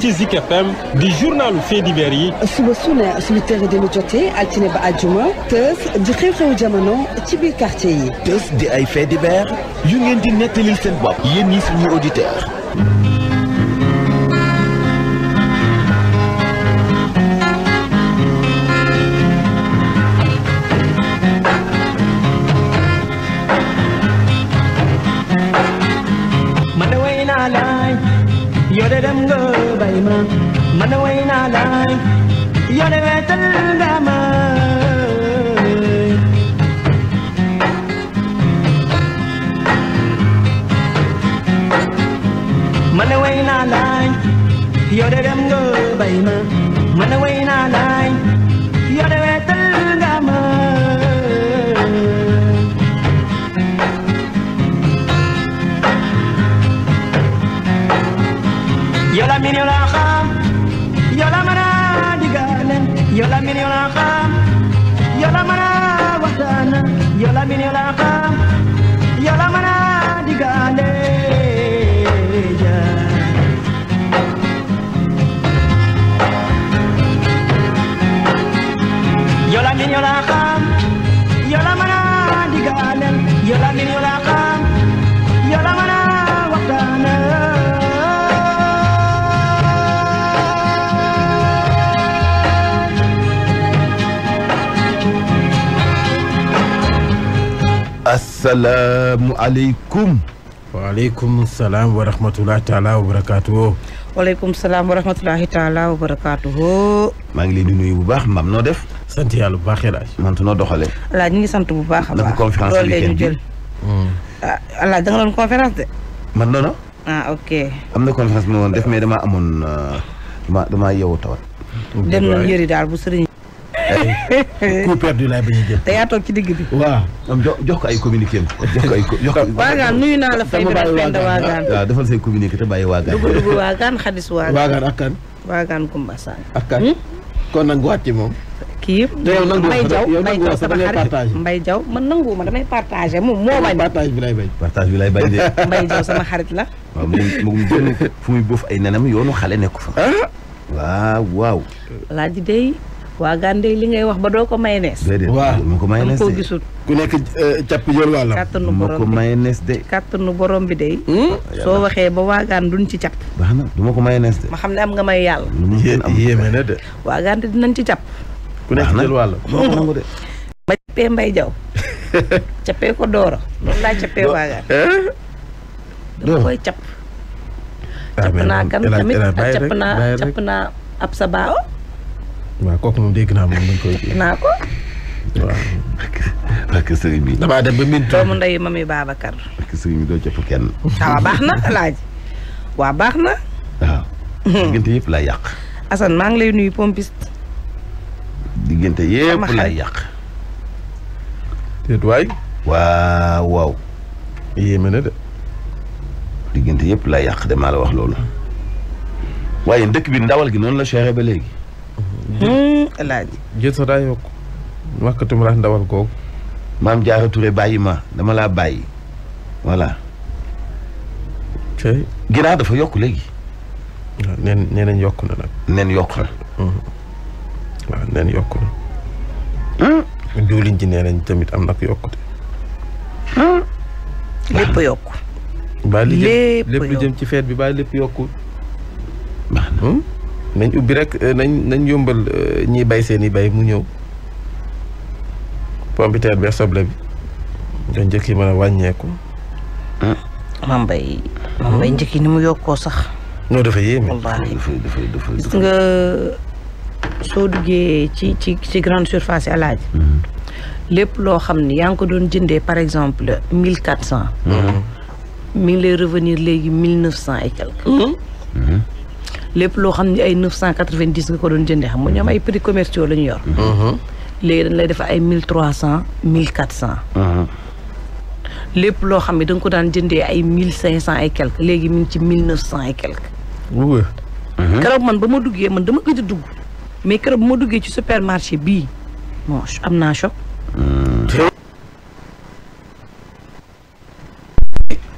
ci Zik FM di journalu faits divers yi. suba su ne suñu teel di lu jotee altine ba àjjuma tës di xew-xewu jamono ci biir quartier yi. tës di ay di ber yu ngeen di nettalil seen bopp. yéen ñi suñu auditeurs. asalaamualeykum. waaleykum salaam wa rahmatulah taalaa wa barakaatu. waaleykum salaam wa rahmatulahi taalaa wa barakaatu. maa ngi leen di nuyu bu baax maam noo def. sant yàlla bu baax El Hadj. man noo doxalee. voilà ñu ngi sant bu baax a baax. naka conférence bi kenn jël. El hmm. ah, Hadj da nga doon conférence de. man noonu. ah ok. am na conférence bi ma doon def mais damaa amoon euh, damaa damaa yeewu tawat. dem na yëri daal bu sëriñ. ay a jël. te yaa ci digg bi. waaw am jox ko ay communiqué am jox ko ay jox waagaan nuyu naa la fay bi rafet waagaan waaw defal say communiqué te bàyyi waagaan. dugg dugg waagaan xadis waagaan. waagaan ak kan. waagaan Kumba Sall. ak kan hmm? kon nag waat ci moom. kii Mbaye Diaw Mbaye Diaw sama xarit la. waaw mu ngi jël fu muy boof ay nenam yoonu xale nekku fa. Ah! waaw waaw. laaj day waa gànde li ngay wax ba doo ko mayonnaise. waaw mu ko mayonnaise de koo gisul. ku nekk euh, càpp jël wàllam. kàttanu borom bi de. kàttanu hmm? waxee ba waagaan duñ ci càpp. baax na du ma ko mayonnaise de. ma xam ne am nga may yàlla. lu mu gën waa gànde dinañ ci càpp. ku nekk ko nangu de. ma cappee ko dooro loolu laa cappee waagaan. dama koy capp. Ah, capp naa kan tamit capp naa naa ab sa baaw oh. waaw kook moom dégg naa moom dañ koy. naa ko. waaw. parce bi. damaa dem ba minti. doomu ndeyu mami Babacar. parce que sëriñ bi doo jëpp kenn. Ah, waaw baax na laaj. waaw baax na. waaw. diggante yàq. Assane maa ngi lay nuyu pompiste. diggante yëpp lay yàq. déet waaw waaw. na de. diggante yëpp lay yàq de maa la wax loolu. waaye dëkk bi ndawal gi noonu la seere ba léegi. Mm-hmm. alaaji jël sa daa yokk wàkkatum rax ndawal kooku maam jaara bàyyi ma dama laa bàyyi voilà ginaar dafa yokk léegi nen neneen yokk na nag nen yokk na mm-hmm. waaw hmm? ji neenañ tamit am nag yokkute hmm? lépp yokk baa lu jëm ci feet bi baa lépp yokku nañ ubbi rek euh, nañ nañ yombal euh, ñiy bay seen i bay mu ñëw pompiteer bi soble bi doon njëkk yi mën a wàññeeku. maam hmm. bay maam bay hmm? njëkk ni mu yokkoo sax. non dafa yéeme. wallaahi gis nga soo duggee ci ci ci grande surface àllaaj hmm. lépp loo xam ne yaa ngi ko doon jëndee par exemple mille quatre cent. mi ngi lay revenir léegi mille neuf cent et quelque. lépp loo xam ne ay neuf cent quatre-vingt-dix nga ko doon jëndee xam nga ñoom ay prix commerciaux la yor. Mm-hmm. léegi dañ lay def ay mille trois cent mille quatre cent. Mm-hmm. lépp loo xam ne da nga ko daan jëndee ay mille cinq cent et quelque léegi mi ngi ci mille neuf cent et quelque. wuu. Mm-hmm. man ba ma duggee man dama gëj dugg mais keroog ba ma duggee ci supermarché bii bon am naa choc.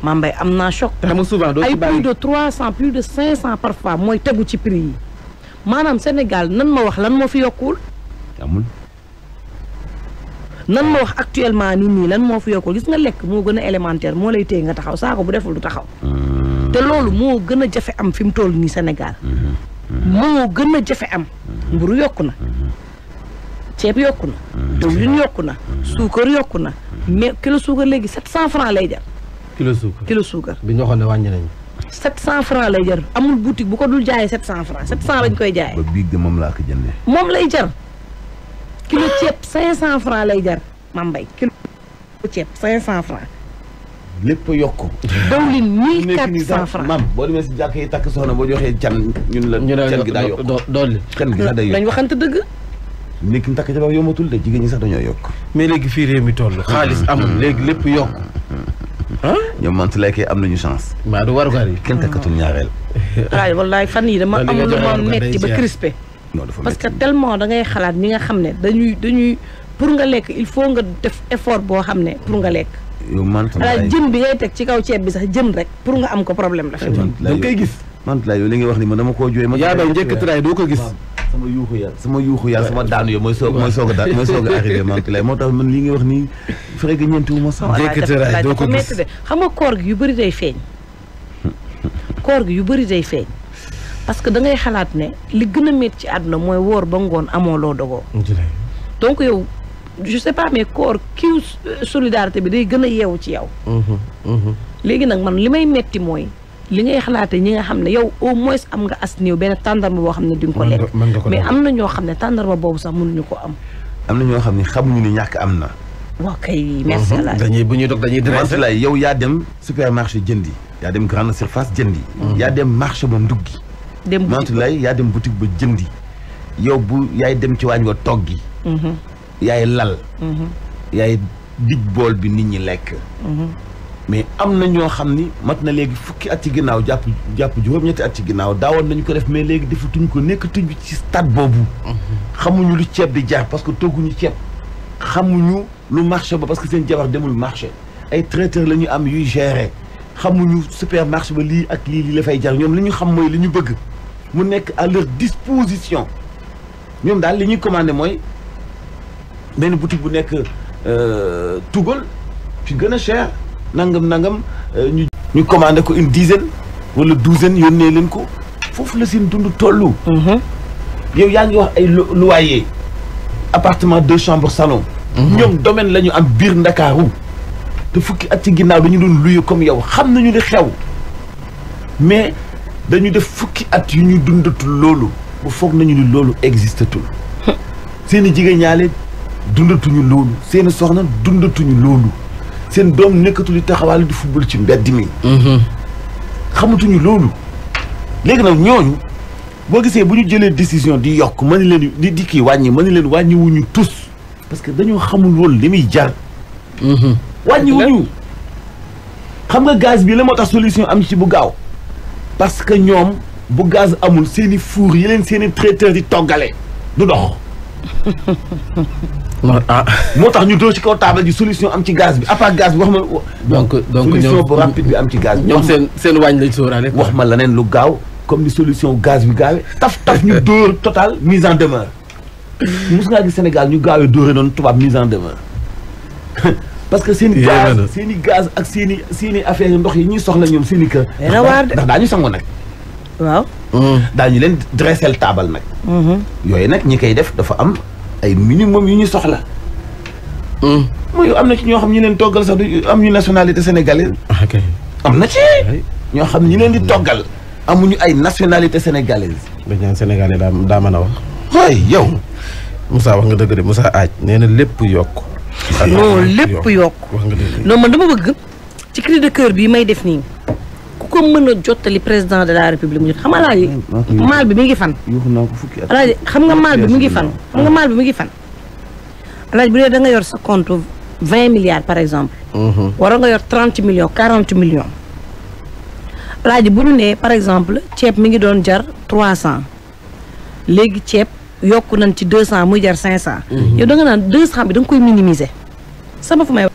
Mame Mbaye am naa choc. xam nga souvent doo ci bàyyi ay plus de 300 plus de 500 parfois mooy tegu ci prix yi maanaam Sénégal nan ma wax lan moo fi yokkul. amul. nan ma wax actuellement nii nii lan moo fi yokkul gis nga lekk moo gën a élémentaire moo lay téye nga taxaw saako bu deful du taxaw. Hmm. te loolu moo gën a jafe am fi mu toll nii Sénégal. Hmm. Hmm. moo gën a jafe am. mburu yokku na. ceeb yokku na. diwlin yokku na. suukar yokku na mais kilo suukar léegi cent francs lay jar. kilo suukar kilo suukar. bi ñu waxoon ne wàññi nañu. 700 francs lay jar amul boutique bu ko dul jaayee 700 francs 700 lañ koy jaayee. ba biig de moom laa ko jëndee. moom lay jar kilo ceeb 500 francs lay jar Mame bay kilo ceeb 500 francs. lépp yokk. dawlin 1400 francs mam boo demee yi takk soxna boo joxee can ñun la. can gi daa yokk doole can gi sax day yokk dañ waxante dëgg. nekk takk jabar yombatul de jigéen ñi sax dañoo yokk. mais léegi fii réew mi toll. xaalis amul mm. léegi lépp yokk. ñoom man su lekkee am nañu chance. maa du warugar yi. kenn takkatul ñaareel. waaye fan yii dama am lu ma metti ba crispé. parce que tellement da ngay xalaat ñi nga xam ne dañuy dañuy pour nga lekk il faut nga def effort boo xam ne pour nga lekk. yow man jën bi ngay teg ci kaw ceeb bi sax jëm rek pour nga am ko problème la. fi mu koy gis. man lay yow li ngay wax ni man dama koo jooy. ma yaa daw njëkk tiraay doo ko gis. sama yuuxu yàlla sama yuuxu yàlla sama daanu yooyu mooy soog mooy soog a daan mooy soog a arrivé man lay moo tax man li ngay wax nii frais gi ñeenti wu ma sama. njëkk tiraay doo ko gis xam nga koor gi yu bëri day feeñ. koor gi yu bëri day feeñ. parce que da ngay xalaat ne li gën a métti ci àdduna mooy woor ba ngoon amoo loo dogoo. donc yow je sais pas mais koor kiw euh, solidarité bi day gën a yeewu ci yow. Mm-hmm, mm-hmm. léegi nag man li may métti mooy. li ngay xalaate ñi nga xam ne yow au moins am nga as néew benn tàndarma boo xam ne di nga ko lekk mais am na ñoo xam ne tàndarma boobu sax mënuñu ko am am na ñoo xam ne xamuñu ne ñàkk am na waaw kay merci alaay mhm. dañuy bu ñuy dog dañuy merci laay yow yaa dem supermarché jëndi yaa dem grande surface jëndi mhm. yaa dem marché ba nduggi dem yaa dem boutique ba jëndi yow bu yaay dem ci waañ wa toggi mhm. yaay lal yaay dig bool bi nit ñi lekk mais am na ñoo xam ni mat na léegi fukki at ci ginnaaw jàpp jàpp juróom-ñetti at ci ginnaaw daawoon nañu ko def mais léegi defatuñ ko nekk nekkatuñ ci stade boobu. Mm-hmm. xamuñu lu ceeb di jaar parce que togguñu ceeb. xamuñu lu marché ba parce que seen jabar demul marché ay traiteur la ñu am yuy gérer xamuñu supermarché ba lii ak lii lii la fay jar ñoom li ñu xam mooy li ñu bëgg mu nekk à leur disposition ñoom daal li ñuy commandé mooy benn boutique bu nekk euh, tugal ci gën a cher. nangam nangam euh, ñu. ñu commandé ko une dizaine wala douzaine yónnee leen ko foofu la seen dund tollu. Mhm. yow yaa ngi wax ay loyer appartement deux chambres salon. Mhm. ñoom domaine la ñu am biir Ndakaaru. te fukki at ci ginnaaw dañu doon luye comme yow xam nañu li xew mais dañu def fukki at yu ñu dundatul loolu bu foog nañu ni loolu existatul seeni jigéen ñaale dundatuñu loolu seeni soxna dundatuñu loolu seen doom nekkatul taxawaalu di football ci mbedd mi. Mhm. xamatuñu loolu. léegi nag ñooñu boo gisee bu ñu jëlee décision di yokk mën leen di di kii wàññi mën leen wàññiwuñu tous parce que dañoo xamul woon li muy jar. Mhm. wàññiwuñu. xam nga gaz bi la moo tax solution am ci bu gaaw parce que ñoom bu gaz amul seen i four yi leen seen i traiteur di toggale du dox. ah moo tax ñu dóor ci kaw taabal ji solution am ci gaz bi à part gaz bi wax ma. donc donc solution bu rapide bi am ci gaz bi. ñoom seen seen wàññi lañ sóoraale. wax ma leneen lu gaaw comme ni solution gaz bi gaawee taf taf ñu dóor total mise en demeure. mos ngaa gis Sénégal ñu gaawee dóore noonu tubaab mise en demeure. parce que seen i gaz seen gaz ak seen i seen affaire yu ndox yi ñuy soxla ñoom seen i kër. ndax daañu sangu nag. waaw. Hmm. ñu leen dressel taabal nag. Hmm. yooyu nag ñi koy def dafa am. ay minimum yu ñu soxla. Hmm. mooy am na ci ñoo xam ñu leen toggal sax am ñu nationalité sénégalaise. Ah, ok am na ci. ñoo xam ñu leen di toggal. amuñu ay nationalité sénégalaise. dañ naan sénégalais daa daa mën a wax. waaye yow. musaa wax nga dëgg de Moussa Aaj nee na lépp yokk. non lépp yokk. wax nga dëgg man dama bëgg. ci cri de bii may def nii. ko mën a jottali président de la république mu jot xam a maal bi mi ngi fan alaaji xam nga maal bi mu ngi fan xam nga bi mu ngi fan alaaji bu dee da nga yor sa compte vingt milliards par exemple mhm. wara nga yor trente millions quarante millions alaaji bu ñu nee par exemple ceeb mi ngi doon jar trois cent léegi ceeb yokk nañ ci deux cent muy jar cinq cent mhm. yow da naan deux cent bi da nga koy minimiser sama fu may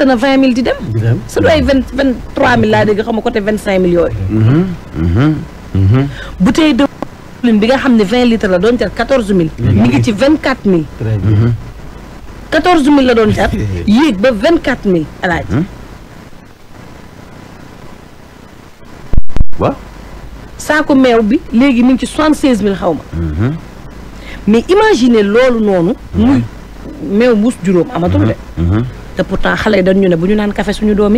na vingt mille di dem. di dem su doy vingt vingt trois mille laa dégg xam nga côté vingt cinq mille yooyu. Mm-hmm, mm-hmm, mm-hmm. bouteille de diwlin bi nga xam ne vingt litres la doon jar quatorze mille. mi ngi ci vingt quatre mille. quatorze mille la doon jar yéeg ba vingt quatre mille alaaj hmm? waaw saako meew bi léegi mu ngi ci soixante seize mille xaw ma. mais imagine loolu noonu. muy meew muus juróom amatul de. te pourtant xale yi dañ ñu ne bu ñu naan café suñu doom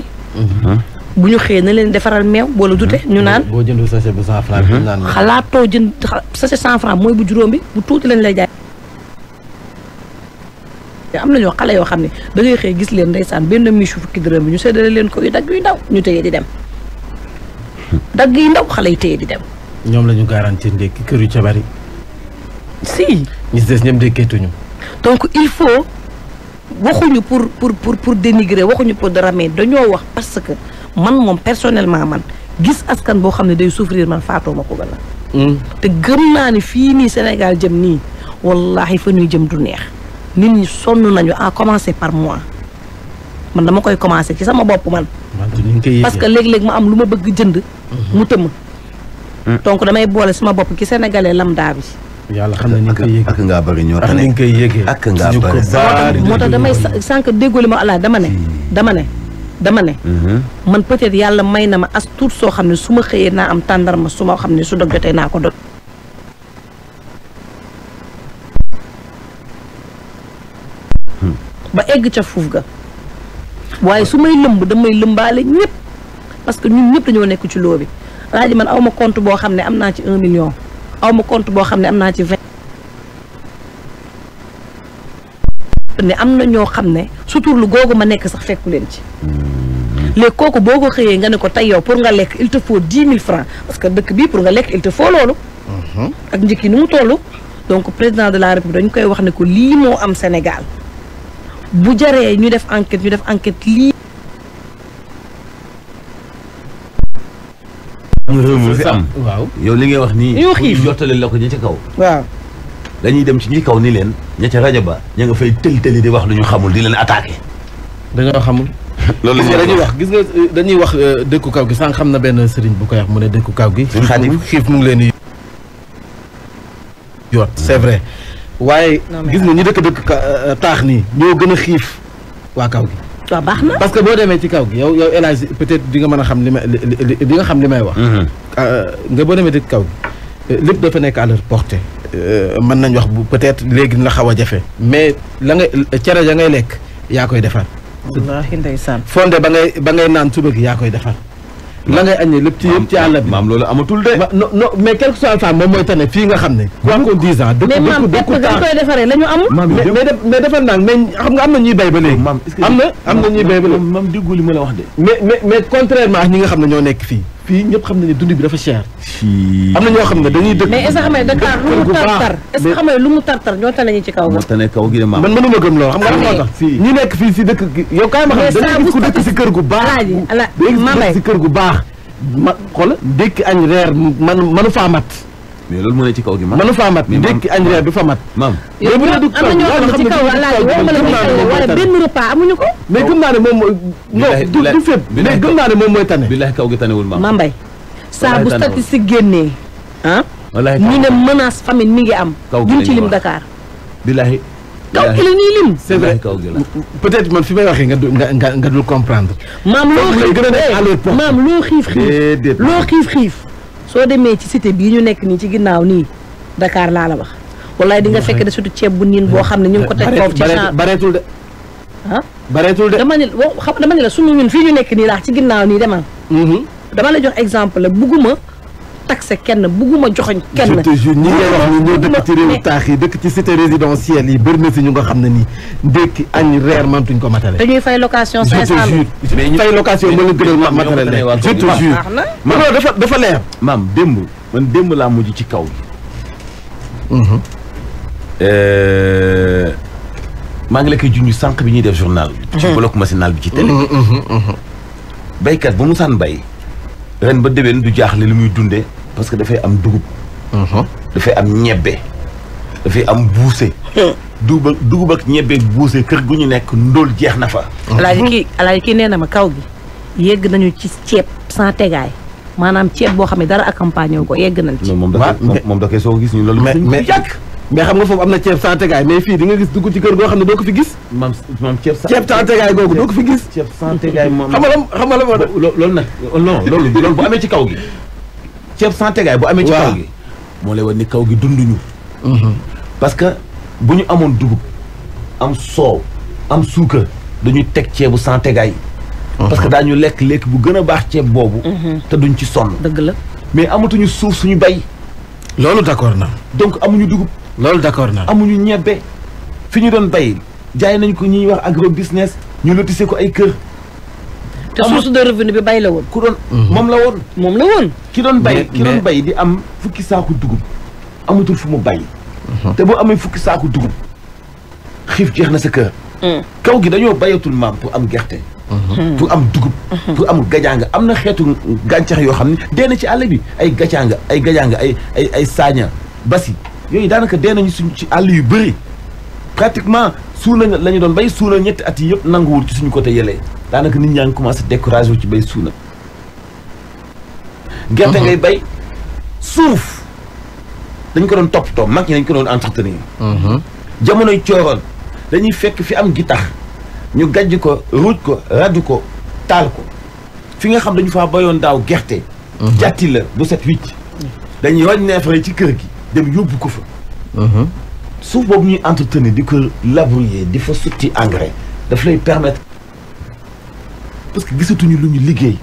bu ñu xëyee na leen defaral meew boole dute ñu naan. boo jëndul sachet bu 100 francs xalaatoo jënd sachet 100 francs mooy bu juróom bi bu tuuti lañ lay jaay. am na ñoo xale yoo xam ne da ngay xëy gis leen ndeysaan benn michu fukki dërëm bi ñu séddale leen ko yu dagg yu ndaw ñu téye di dem dagg yu ndaw xale yi téye di dem. ñoom la ñu garanti ndékki kër yu ca bari. si. ñi des ñoom ndékkeetuñu. waxuñu pour pour pour pour dénigrer waxuñu pour dara mais dañoo wax parce que man moom personnellement man gis askan boo xam ne day souffrir man faatoo ma ko gën hmm. te gëm naa ne fii nii Sénégal jëm nii wallahi fa ñuy jëm du neex nit ñi sonn nañu à commencer par moi man dama koy commencer ci sama bopp man. parce que léeg-léeg ma am lu ma bëgg jënd. mu hmm. tëmm. Hmm. donc damay boole sama bopp ci sénégalais lambda bi. yàlla xam na ni nga ak ngaa bëri ñoo tane ak ni nga koy yëgee ak ngaa bëri moo tax damay sànq déggoo ma ala dama ne dama ne dama ne mm-hmm. man peut-être yàlla may na ma as tuut soo xam ne su ma xëyee naa am tàndarma su ma xam ne su dog jotee naa ko dog hmm. ba egg ca fuuf ga waaye su may lëmb damay lëmbaale ñëpp parce que ñun ñëpp dañoo nekk ci loo bi alaaji man aw ma compte boo xam ne am naa ci un million aw ma compte boo xam ne am naa ci vingt ne am na ñoo xam ne lu googu ma nekk sax fekku leen ci léegi boo ko xëyee nga ne ko tey yow pour nga lekk il te faut dix mille francs parce que dëkk bii pour nga lekk il loolu mhm. ak njëkk yi ni mu toll donc président de la république dañ koy wax ne ko lii moo am Sénégal bu jaree ñu def enquête ñu def enquête lii xam fi am. waaw yow li ngay wax nii. ñu xiif jottali la ko ci kaw. waaw. dañuy dem ci ñi kaw ni leen ña ci rajo ba ña nga fay tël-tëli di wax lu ñu xamul di leen attaqué. dañoo xamul. loolu la dañuy wax gis nga euh, dañuy wax euh, dëkku kaw gi sànq xam na benn sëriñ bu koy wax mu ne dëkku kaw gi. xiif mu ngi leen di yoot hmm. c'est vrai waaye gis nga ñi dëkk dëkk euh, taax nii ñoo gën a xiif waa kaw gi. waaw baax na parce que boo demee ci kaw gi yow yow El Hadj peut-être di nga a xam li may di nga xam li may wax. Mhm. Ah, nga boo demee ci kaw gi euh, lépp dafa nekk à leur portée. Euh, mën nañ wax bu peut-être léegi na xaw a jafe mais la ngay cere ja ngay lekk yaa koy defar. wallaahi ndeysaan fonde ba ngay ba ngay naan suba gi yaa koy defar. la ngay añee lépp ci yëpp ci àll bi maam loolu amatul de non non mais quelque soit ça moom mooy tane fii nga xam ne quoi qu'on dise ah dëkk dëkk maam mais defal naa mais xam nga am na ñuy béy ba léegi am na am na ñuy béy ba léegi maam diggu li ma wax mais mais contrairement ak ñi nga xam ne ñoo nekk fii fii ñëpp xam nañu ne dund bi dafa cher. am na ñoo xam ne dañuy dëkk. mais est-ce que xam nga Dakar lu mu tartar est-ce que xam nga lu mu tartar ñoo tane ñu ci kaw. moo tane kaw gi de maam. man mënuma gëm loolu xam nga moo tax. ñi nekk fii si dëkk gi yow kaay ma xam dañuy gis ku dëkk si kër gu baax. ala ala si kër gu baax. ma xool ndékki añ reer man manu faa mat. mais loolu moo ne ci kaw gi. mënu faa mat ndékki añ reer du fa mat. maam yow bu dee am na ñoo xam ne ci kaw laaj wax ma la wala benn repas amuñu ko. mais gëm naa ne moom mooy. non du fépp mais gëm naa ne moom mooy tane. billahi kaw gi tanewul maam. Mambay saa bu statistique génnee. ah ñu ne menace famine mi ngi am. kaw gi ci lim Dakar. billahi kaw gi la ñuy lim. c'est vrai peut-être man fi may waxee nga nga nga dul comprendre. maam loo xiif maam loo xiif xiif loo xiif xiif soo demee ci cité bii ñu nekk nii ci ginnaaw nii Dakar laa la wax wallaay di nga fekk de surtout ceeb bu niin boo xam ne ñu ngi ko teg foofu ci bareetul de ah bareetul de dama xam dama ne la sunu ñun fii ñu nekk nii laax ci ginnaaw nii demal mm-hmm. dama la jox exemple la bugguma taxé kenn bugguma joxoñ kenn. je te jure ñi ngay wax ni ñoo dëkk ci réewu taax yi dëkk ci cité résidentielle yi bëri na ñu nga xam ne nii ndékki añ reer mëntuñ ko matale. dañuy fay location 500 je te jure fay location mën na gënal matale leen je maam dafa leer. maam démb man démb laa mujj ci kaw bi. Mhm. Euh, maa ngi lekk koy junj sanq bi ñuy def journal. ci mhm. bloc machinal bi ci télé. Mhm, baykat bu mu saan bay. ren ba déwén du jaaxle lu muy dundee parce que dafay am dugub. Uh-huh. dafay am ñebbe dafay am buuse. dugub ak dugub ak ñebbe buuse kër gu ñu nekk ndóol jeex na fa. Uh-huh. alaaji kii alaaji kii nee na ma kaw gi yegg nañu ci ceeb sans tegaay. maanaam ceeb boo xam ne dara accompagné wu ko yegg nañ ci. moom da koy soog a gis ñu loolu. mais mais mais xam nga foofu am na ceeb sans tegaay mais fii di nga gis dugg ci kër goo xam ne doo ko fi gis. ceeb sans ceeb doo ko fi gis. ceeb sans tegaay moom xam nga xam nga loolu nag non loolu loolu bu amee kaw gi. ceeb sans tegaay bu amee. ci moo lay wax ni kaw gi dunduñu. Mhm. parce que bu ñu amoon dugub am soow am suukar dañuy teg ceebu sans tegaay. Mhm. parce que daañu lekk lekk bu gën a baax ceeb boobu. Mhm. te duñ ci sonn. dëgg la mais amatuñu suuf suñu bay. loolu d'accord na donc amuñu dugub. loolu d'accord na amuñu ñebbe fi ñu doon bay jaay nañ ko ñuy wax agro business ñu lotissé ko ay kër. te source de revenu bi bay la woon. ku doon mhm. moom la woon. moom la woon. ki doon bay ki doon bay di am fukki saaku dugub amatul fu mu bay. Mhm. te boo amee fukki saaku dugub xiif jeex na sa kër. Mm. kaw gi dañoo bayatul maam pour am gerte. Mhm. Mm. pour am dugub. Mm-hmm. pour am gajaanga am na xeetu gàncax yoo xam ne dee ci àll bi ay gacaanga ay gajaanga ay ay ay saaña basi. yooyu daanaka dee nañu suñ ci àll yu bëri pratiquement suuna la ñu doon bay suuna ñetti at yi yëpp nanguwul ci suñu côté yële daanaka nit ñaa ngi commencé découragé wu ci bay suuna. gerte ngay bay suuf dañ ko doon toppatoo mag ñi dañ ko doon entreteni mhm. jamonoy cooroon dañuy fekk fi am gi tax ñu gajj ko ruuj ko radu ko taal ko fi nga xam dañu fa bayoon daaw gerte. Mhm. jàtti la bu set wicc dañuy roñ neefare ci kër gi. dem yóbbu ko fa. Mhm. suuf boobu ñuy entretenir di ko labourer di fa sotti engrais daf lay permettre. parce que gisatuñu lu ñu liggéey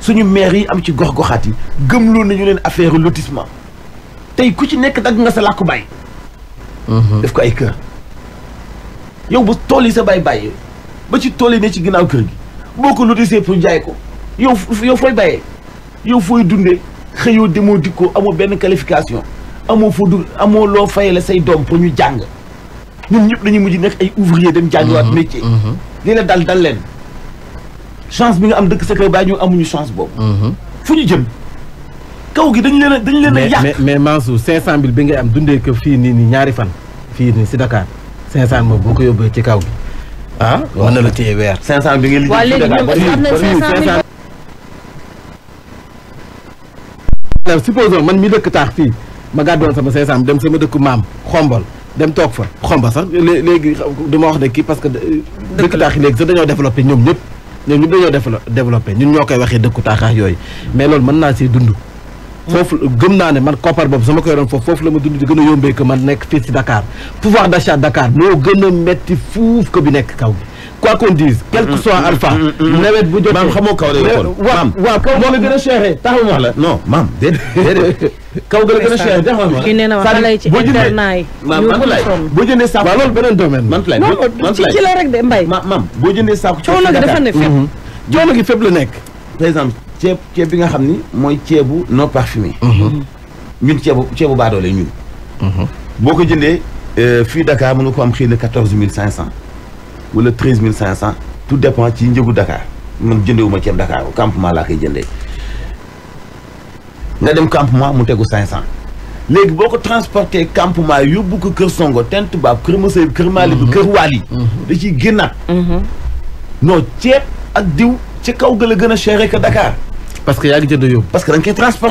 suñu maire yi am ci gox-goxaat yi gëmloo nañu leen affaire lotissement tey ku ci nekk dagg nga sa làkku bàyyi. Mhm. def ko ay kër. yow ba tool yi sa bay bàyyee ba ci tool yi ne ci ginnaaw kër gi boo ko lotissé pour jaay ko yow yow fooy bàyyee yow fooy dundee xëyoo demoo dikkoo amoo benn qualification. amoo foo du amoo loo fayale say doom pour ñu jàng ñun ñëpp dañuy mujj nekk ay ouvrier dem jàngiwaat mhm, métier mhm. lii la dal dal leen chance bi nga am dëkk sa kër baa ñu amuñu chance boobu mhm. fu ñu jëm kaw gi dañu leen a dañu leen a yàq mais mais Mansour cinq cent mille bi ngay am dundee ko fii nii nii ñaari fan fii nii si Dakar cinq cent moom boo ko yóbbee ci kaw gi ah mën na la téye weer cinq cent bi ngay waaw léegi ñoom am na cinq cent mille maanaam supposons man mi dëkk taax fii ma gàddoon sama 500 dem sama dëkku maam xombal dem toog fa xombal sax léegi du ma wax ne kii parce que. dëkk taax léegi sax dañoo développé ñoom ñëpp ñoom ñëpp dañoo def développé ñun ñoo koy waxee dëkku taaxaax yooyu mais loolu mën naa siy dund. foofu gëm naa ne man koppar boobu sama koy doon foofu la ma dund di gën a yombee que man nekk fii si dakaar pouvoir d'achat Dakar moo gën a metti fuuf ko bi nekk kaw bi quoi qu'on dise quel que mm-hmm. soit mm-hmm. alpha mm-hmm. nawet bu jot maam xamoo kaw lay waxoon waaw kaw moo la gën a cher taxaw wax la non maam déedéet kaw gën a gën a cher taxaw wax la ci internat maam man boo jëndee saako waaw loolu gi dafa ne fépp coono gi la nekk par exemple ceeb bi nga xam ni mooy ceebu non parfumé ñun ceebu ceebu baadoole ñun boo ko jëndee euh, fii Dakar mën nga ko am xëy na quatorze mille cinq cent wala treize mille cinq cent tout dépend ci njëgu Dakar man jëndewuma ceeb Dakar campement laa koy jëndee nga dem campement mu tegu cinq cent léegi boo ko transporté campement yóbbu ko kër Songo tent baab kër Moussa kër Mali bi mhm. kër Waali mhm. da ciy génnaat mhm. non ceeb ak diw ci kaw gën a gën a cher que Dakar parce que yaa ngi jënd yóbbu parce que da nga koy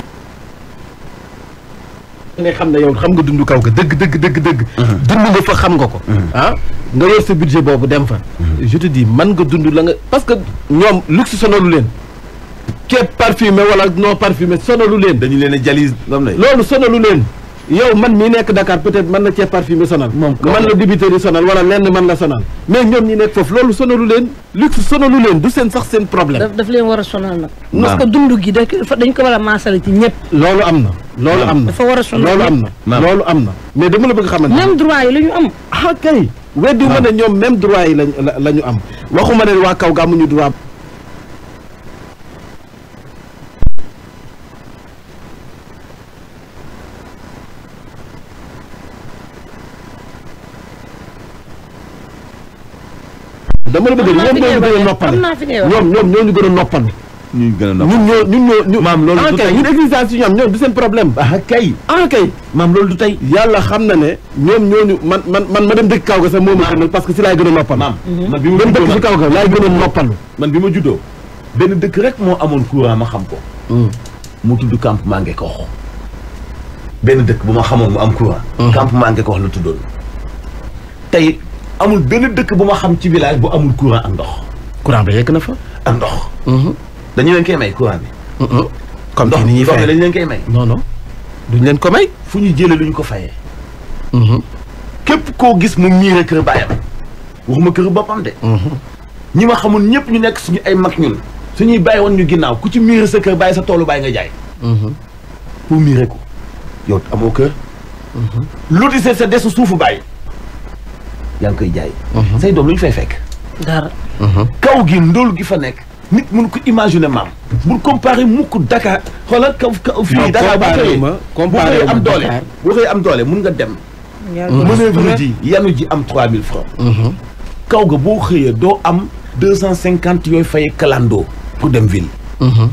ne xam ne yow xam nga dund kaw ga dëgg dëgg dëgg dëgg mhm. dund nga fa xam nga ko mhm. ah nga yor boobu dem fa mhm. je te dis man nga dund la nga parce que ñoom luxe sonalu leen ceeb parfumé wala non parfumé sonalu leen dañu leen a jalis loolu sonalu leen yow man mi nekk Dakar peut-être man la ceeb parfumé sonal man la dibiteri sonal wala lenn man la sonal mais ñoom ñi nekk foofu loolu sonalu leen luxe sonalu leen du seen sax seen problème daf leen war a sonal nag parce que dund gi dañ ko war a ci ñëpp loolu am na loolu am na dafa war a sunu loolu am na loolu am na mais dama la bëgg xamante ne même droit la ñu am ah kay weddi ma ne ñoom même droit yi lañ la ñu am waxuma ne waa kaw ga ñu droit dama la bëgg ñoom ñoo ñu gën a noppale ñoom ñoom ñoo ñu gën a noppale ñu gën a ñun ñoo ñun ñoo ñu. maam loolu du ah, ñun existence du seen problème. ah kay. ah kay maam loolu du tey. yàlla xam na ne ñoom ñooñu man man man ma dem dëkk kaw ga sax moo ma gënal parce que si laay gën a ma juddoo dem dëkk si kaw a noppalu. man ma juddoo benn dëkk rek moo amoon courant ma xam ko. Mm. mu tudd campement Ngékox. benn dëkk bu ma xamoon mu am courant. Mm. campement Ngékox la tuddoon. tey amul benn dëkk bu ma xam ci village bu amul courant ak ndox. courant bi yegg na fa. ndox. Mm-hmm. dañu leen koy may courant bi. comme que ni ñuy fayee dañu leen koy may. non duñ leen ko may. fu ñu jëlee lu ñu ko fayee. Mm-hmm. képp koo gis mu miire kër baayam waxuma kër boppam de. Mm-hmm. ñi ma xamul ñëpp ñu nekk suñu ay mag ñun suñuy bàyyi woon ñu ginnaaw ku ci miire sa kër bàyyi sa toolu bàyyi nga jaay. Mm-hmm. pour miire ko yow amoo kër. lotissé sa desu suufu bàyyi yaa ngi koy jaay. say doom lu ñu fay fekk. kaw gi ndóol gi fa nekk. nit mun ko imagine maam. bul comparer mukk Dakar xoolal kaw kaw fii. Dakar bu xëyee bu xëyee am doole bu xëyee am doole mun nga dem. manœuvre ji yanu ji am 3000 francs mhm. kaw ga boo xëyee doo am 250 yooyu fay kalandoo pour dem ville. Mhm.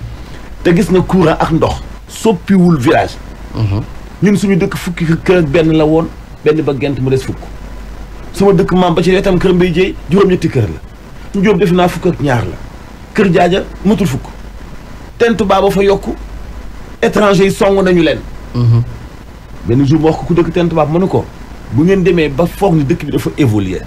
te gis nga courant ak ndox. soppiwul village. Mhm. ñun suñu dëkk fukki kër ak benn la woon benn ba gent mu des fukk. sama dëkk maam ba ci wetam kër mbay jéey juróom-ñetti kër la. njóob defe naa fukk ak ñaar la. kër jaaja matul fukk tentu baaba fa yokk étranger yi song nañu leen mhm. benn jour ma wax ko ku dëkk tentu baaba mënu ko bu ngeen demee ba foog ni dëkk bi dafa évoluer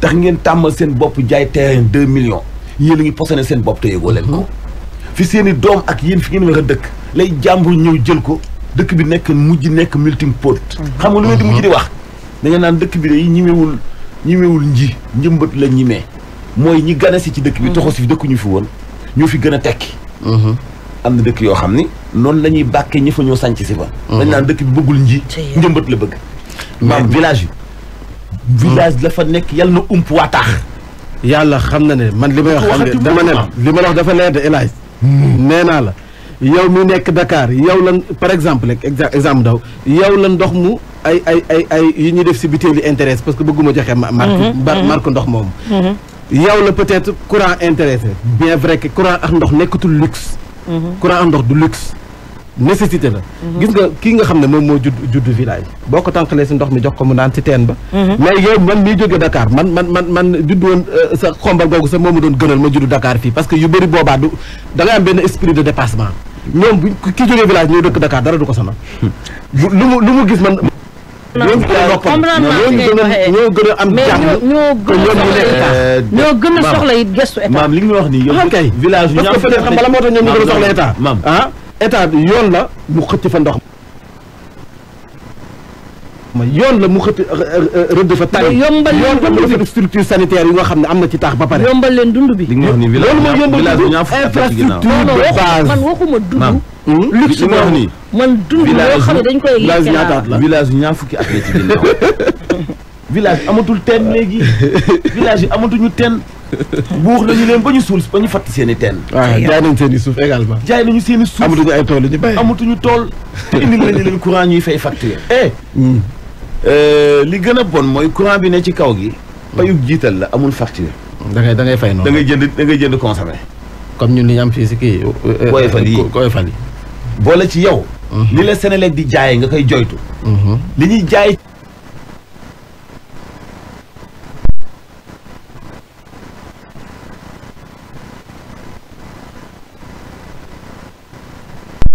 tax ngeen tàmmal seen bopp jaay terrain deux millions yéen a ngi posone seen bopp te yëgoo leen ko mhm. fi seeni i doom ak yéen fi ngeen war a dëkk lay jàmbur ñëw jël ko dëkk bi nekk mujj nekk multipôt mhm. xam nga lu ngeen di mujj di wax da naan dëkk bi de ñimewul ñimewul nji njëmbat la ñimee mooy ñi gane si ci dëkk bi mhm. toxo si fi ñu fi woon ñoo fi gën a tekki mhm. am na dëkk yoo xam ni noonu la ñuy bàkkee ñi fa ñoo sànc si fa mhm. dañ naan dëkk bi bëggul nji njëmbat la bëgg maam village yi village la nekk yàlla na ump waa taax yàlla xam na ne man li wax xam dama ne li ma wax dafa leer de élage hmm. nee naa la yow mu nekk Dakar yow lan par exemple rek exemple daw yow la ndox mu ay ay ay ay yi ñuy def si bitéeli intéresse parce que bëgguma joxe marque marque ndox moom yow la peut-être courant intéressé bien vrai que courant ak ndox nekkatul luxe. Mhm. courant ak ndox du luxe nécessité la. Mhm. gis nga kii nga xam ne moom moo judd judd village boo ko tànqalee si ndox mi jox ko mu naan si teen ba. Mhm. mais yow man miy jógee Dakar man man man man woon euh, sa xombal googu sa moo ma doon gënal ma judd Dakar fii parce que yu bëri boobaa du da ngay am benn esprit de dépassement ñoom bu ki jógee village ñoo dëkk Dakar dara du ko sonal. Hmm. lu ñoo gën a am jàmm ñoo gën a eh, soxla it gëstu état maam li nga wax nii yow kay village parce que peut-être xam nga la moo tax ñoom ñu gën a soxla état maam ah état bi yoon la mu xëcc fa ndox ma yoon la mu xëtt rëdd fa tali yombal leen dund bi structure sanitaire yi nga xam ne am na ci taax ba pare yombal leen dund bi li nga wax ni village loolu mooy yombal dund infrastructure de base man waxuma dund luxe wax nii man dund loo xam ne dañ koy. village ñaataat la village ñaar fukki at la ci ginnaaw village amatul teen léegi village yi amatuñu teen buux nañu leen ba ñu suul ba ñu fatt seen i teen. waaw ah, jaay nañ seen i suuf également. jaay nañu seen i suuf amatuñu ay tool ñu bay amatuñu tool te indil nañu leen courant ñuy fay facture. Eh. Hmm. Euh, li gën a bon mooy courant bi ne ci kaw gi. payug jiital la amul facture. da ngay da ngay fay noonu da ngay jënd da ngay jënd consommé. comme ñun li ñu am fii si kii. Woyofal yi Woyofal yi boole ci yow. li la Senelec di jaaye nga koy joytu mhm. li ñuy jaay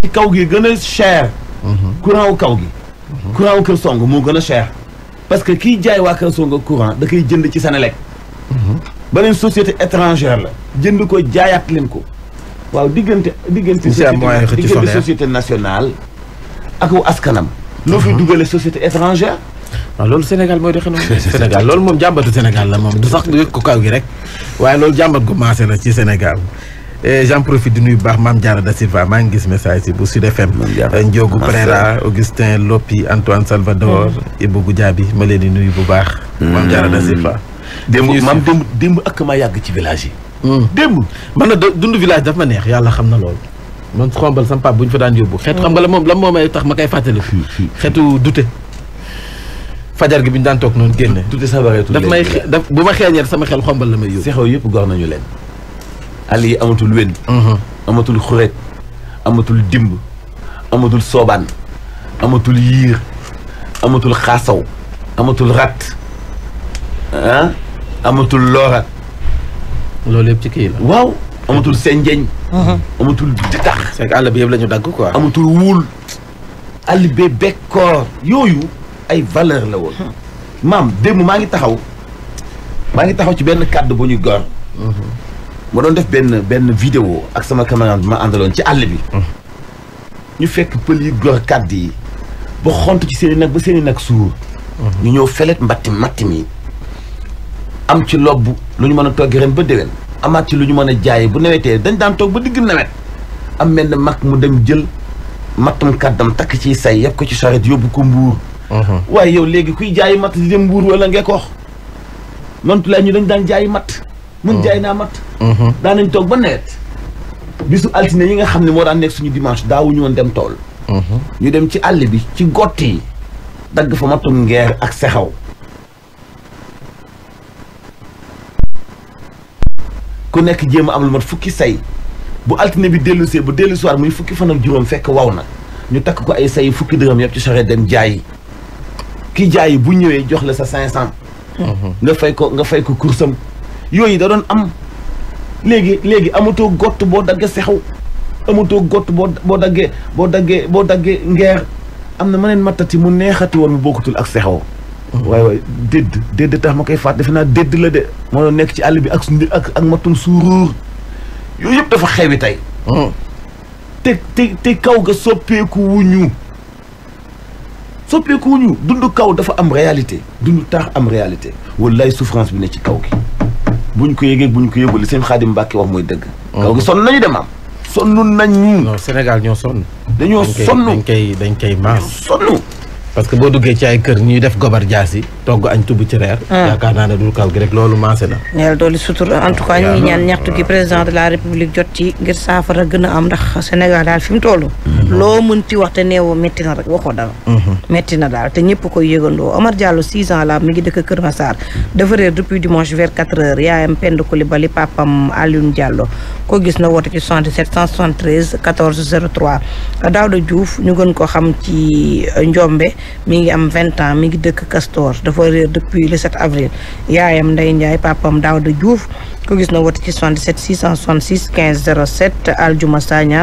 ci kaw gi gën a cher mhm. courant wu kaw gi mhm. courant wu kër song moo gën a cher parce que kiy jaay waa kër song courant da koy jënd ci Senelec beneen société étrangère la jënd ko jaayaat leen ko waaw diggante diggante société national ak askanam. loo fi dugale société étrangère. waaw ah, loolu Sénégal mooy doxalin Sénégal loolu moom jàmbatu Sénégal la moom du sax du ko kaw gi rek waaye loolu jàmbat gu maase la ci Sénégal. Eh, j'en profit di nuyu bu baax maam Diarra Da Silva maa ngi gis message yi bu Sud FM Ndiogou Prera Augustin Lopi Antoine Salvador mm. Ibou Goudiaby ma leen di nuyu bu baax mm. Mame Diarra Da Silva démb maam démb démb ak maa yàgg ci village yi mm. démb man dund village dafa neex yàlla xam na loolu man xombal sama pap bu ñu fa daan yóbbu. Oh. xeetu xam nga la moom la moom may ma koy fàttali. xeetu dute. fajar gi bi ñu daan toog noonu génne. dute sax bareetul daf may daf bu ma xeeñeer sama xel xombal la may yóbbu. sexew yëpp gor nañu leen. àll amatul wen. Uh-huh. amatul xureet. amatul dimb. amatul soobaan. amatul yiir. amatul xaasaw. amatul rat. Ah? amatul loorat. loolu yëpp ci kii la amatul senjeñ amatul ditax c'est que àll bi yëpp la dagg quoi amatul wuul àll bi bekkoor yooyu ay valeur la woon maam démb maa ngi taxaw maa ngi taxaw ci benn kàddu bu ñu gor ma doon def benn benn vidéo ak sama caméraman bi ma àndaloon ci àll bi ñu fekk pël yi gor kàdd yi ba xont ci seen i nag ba seen nag suur ñu ñëw felet mbatti matti mi am ci lobb lu ñu mën a togg ren ba déwén amaat yi lu ñu mën a jaayee bu nawetee dañ daan toog ba digg nawet am mel ne mag mu dem jël mattum kàddam takk ci say yëpp ko ci charette yóbbu ko mbuur mhm. waaye yow léegi kuy jaay matt di dem mbuur wala ngekoox lontu lay ñu dañ daan jaay matt mun mhm. jaay naa matt mhm. daan nañ toog ba nawet bisu altine yi nga xam ne moo daan nekk suñu dimanche daawuñu woon dem tool ñu dem ci àll bi ci gott yi dagg fa mattum ngeer ak sexew ku nekk jéem a am lu mat fukki say bu altine bi dellu see bu dellu soir muy fukki fan juróom fekk waw na ñu takk ko ay say fukki dërëm yëpp ci soxee dem jaayi ki jaayi bu ñëwee jox la sa cinq cent mhm. nga fay ko nga fay ko kursam yooyu da doon am léegi léegi amatoo gott boo daggee sexaw amatoo gott boo boo daggee boo daggee boo daggee ngeer am na mëneen mattati mu neexati woon mu bokkutul ak sexew waaye waaye dédd dédd tax ma koy faat defe naa dédd la de moo nekk ci àll bi ak ak ak matum suuróor yooyu yëpp dafa xewi tey hmm. te te kaw ga soppeeku wuñu soppeeku wuñu dund kaw dafa am réalité dund taax am réalité wallaay souffrance bi ne ci kaw gi buñ ko bu ñu ko yëgul li seen xaadim Mbàkke wax mooy dëgg hmm. kaw gi sonn nañu dem am sonn nañu non Sénégal ñoo sonn dañoo sonn dañ koy dañ koy maam sonn parce que boo duggee ci ay kër ñuy def gobar jaas yi togg añ tubb ci reer. Ah. yaakaar naa ne dul kaw gi rek loolu maase na. ñeel doolu président de la république jot ci ngir saafara gën a am ndax Sénégal daal fi mu toll. Mhm. loo ti wax te neewoo métti na rek waxoo dara. Mhm. metti na daal te ñëpp koy yëgandoo Omar Diallo 6 ans la mi ngi dëkk Kër Massar. dafa réer depuis dimanche vers 4 heures yaayam Penda Coulibaly papam Alioune Diallo koo gis na woote ci 77 173 14 03 Daouda Diouf ñu gën ko xam ci Njombe. mi ngi am vingt ans mi ngi dëkk Castor dafa réer depuis le 7 avril yaayam Ndeye Ndiaye papam Daouda Diouf ko gis na woote ci 77 666 15 07 Aljuma Sagna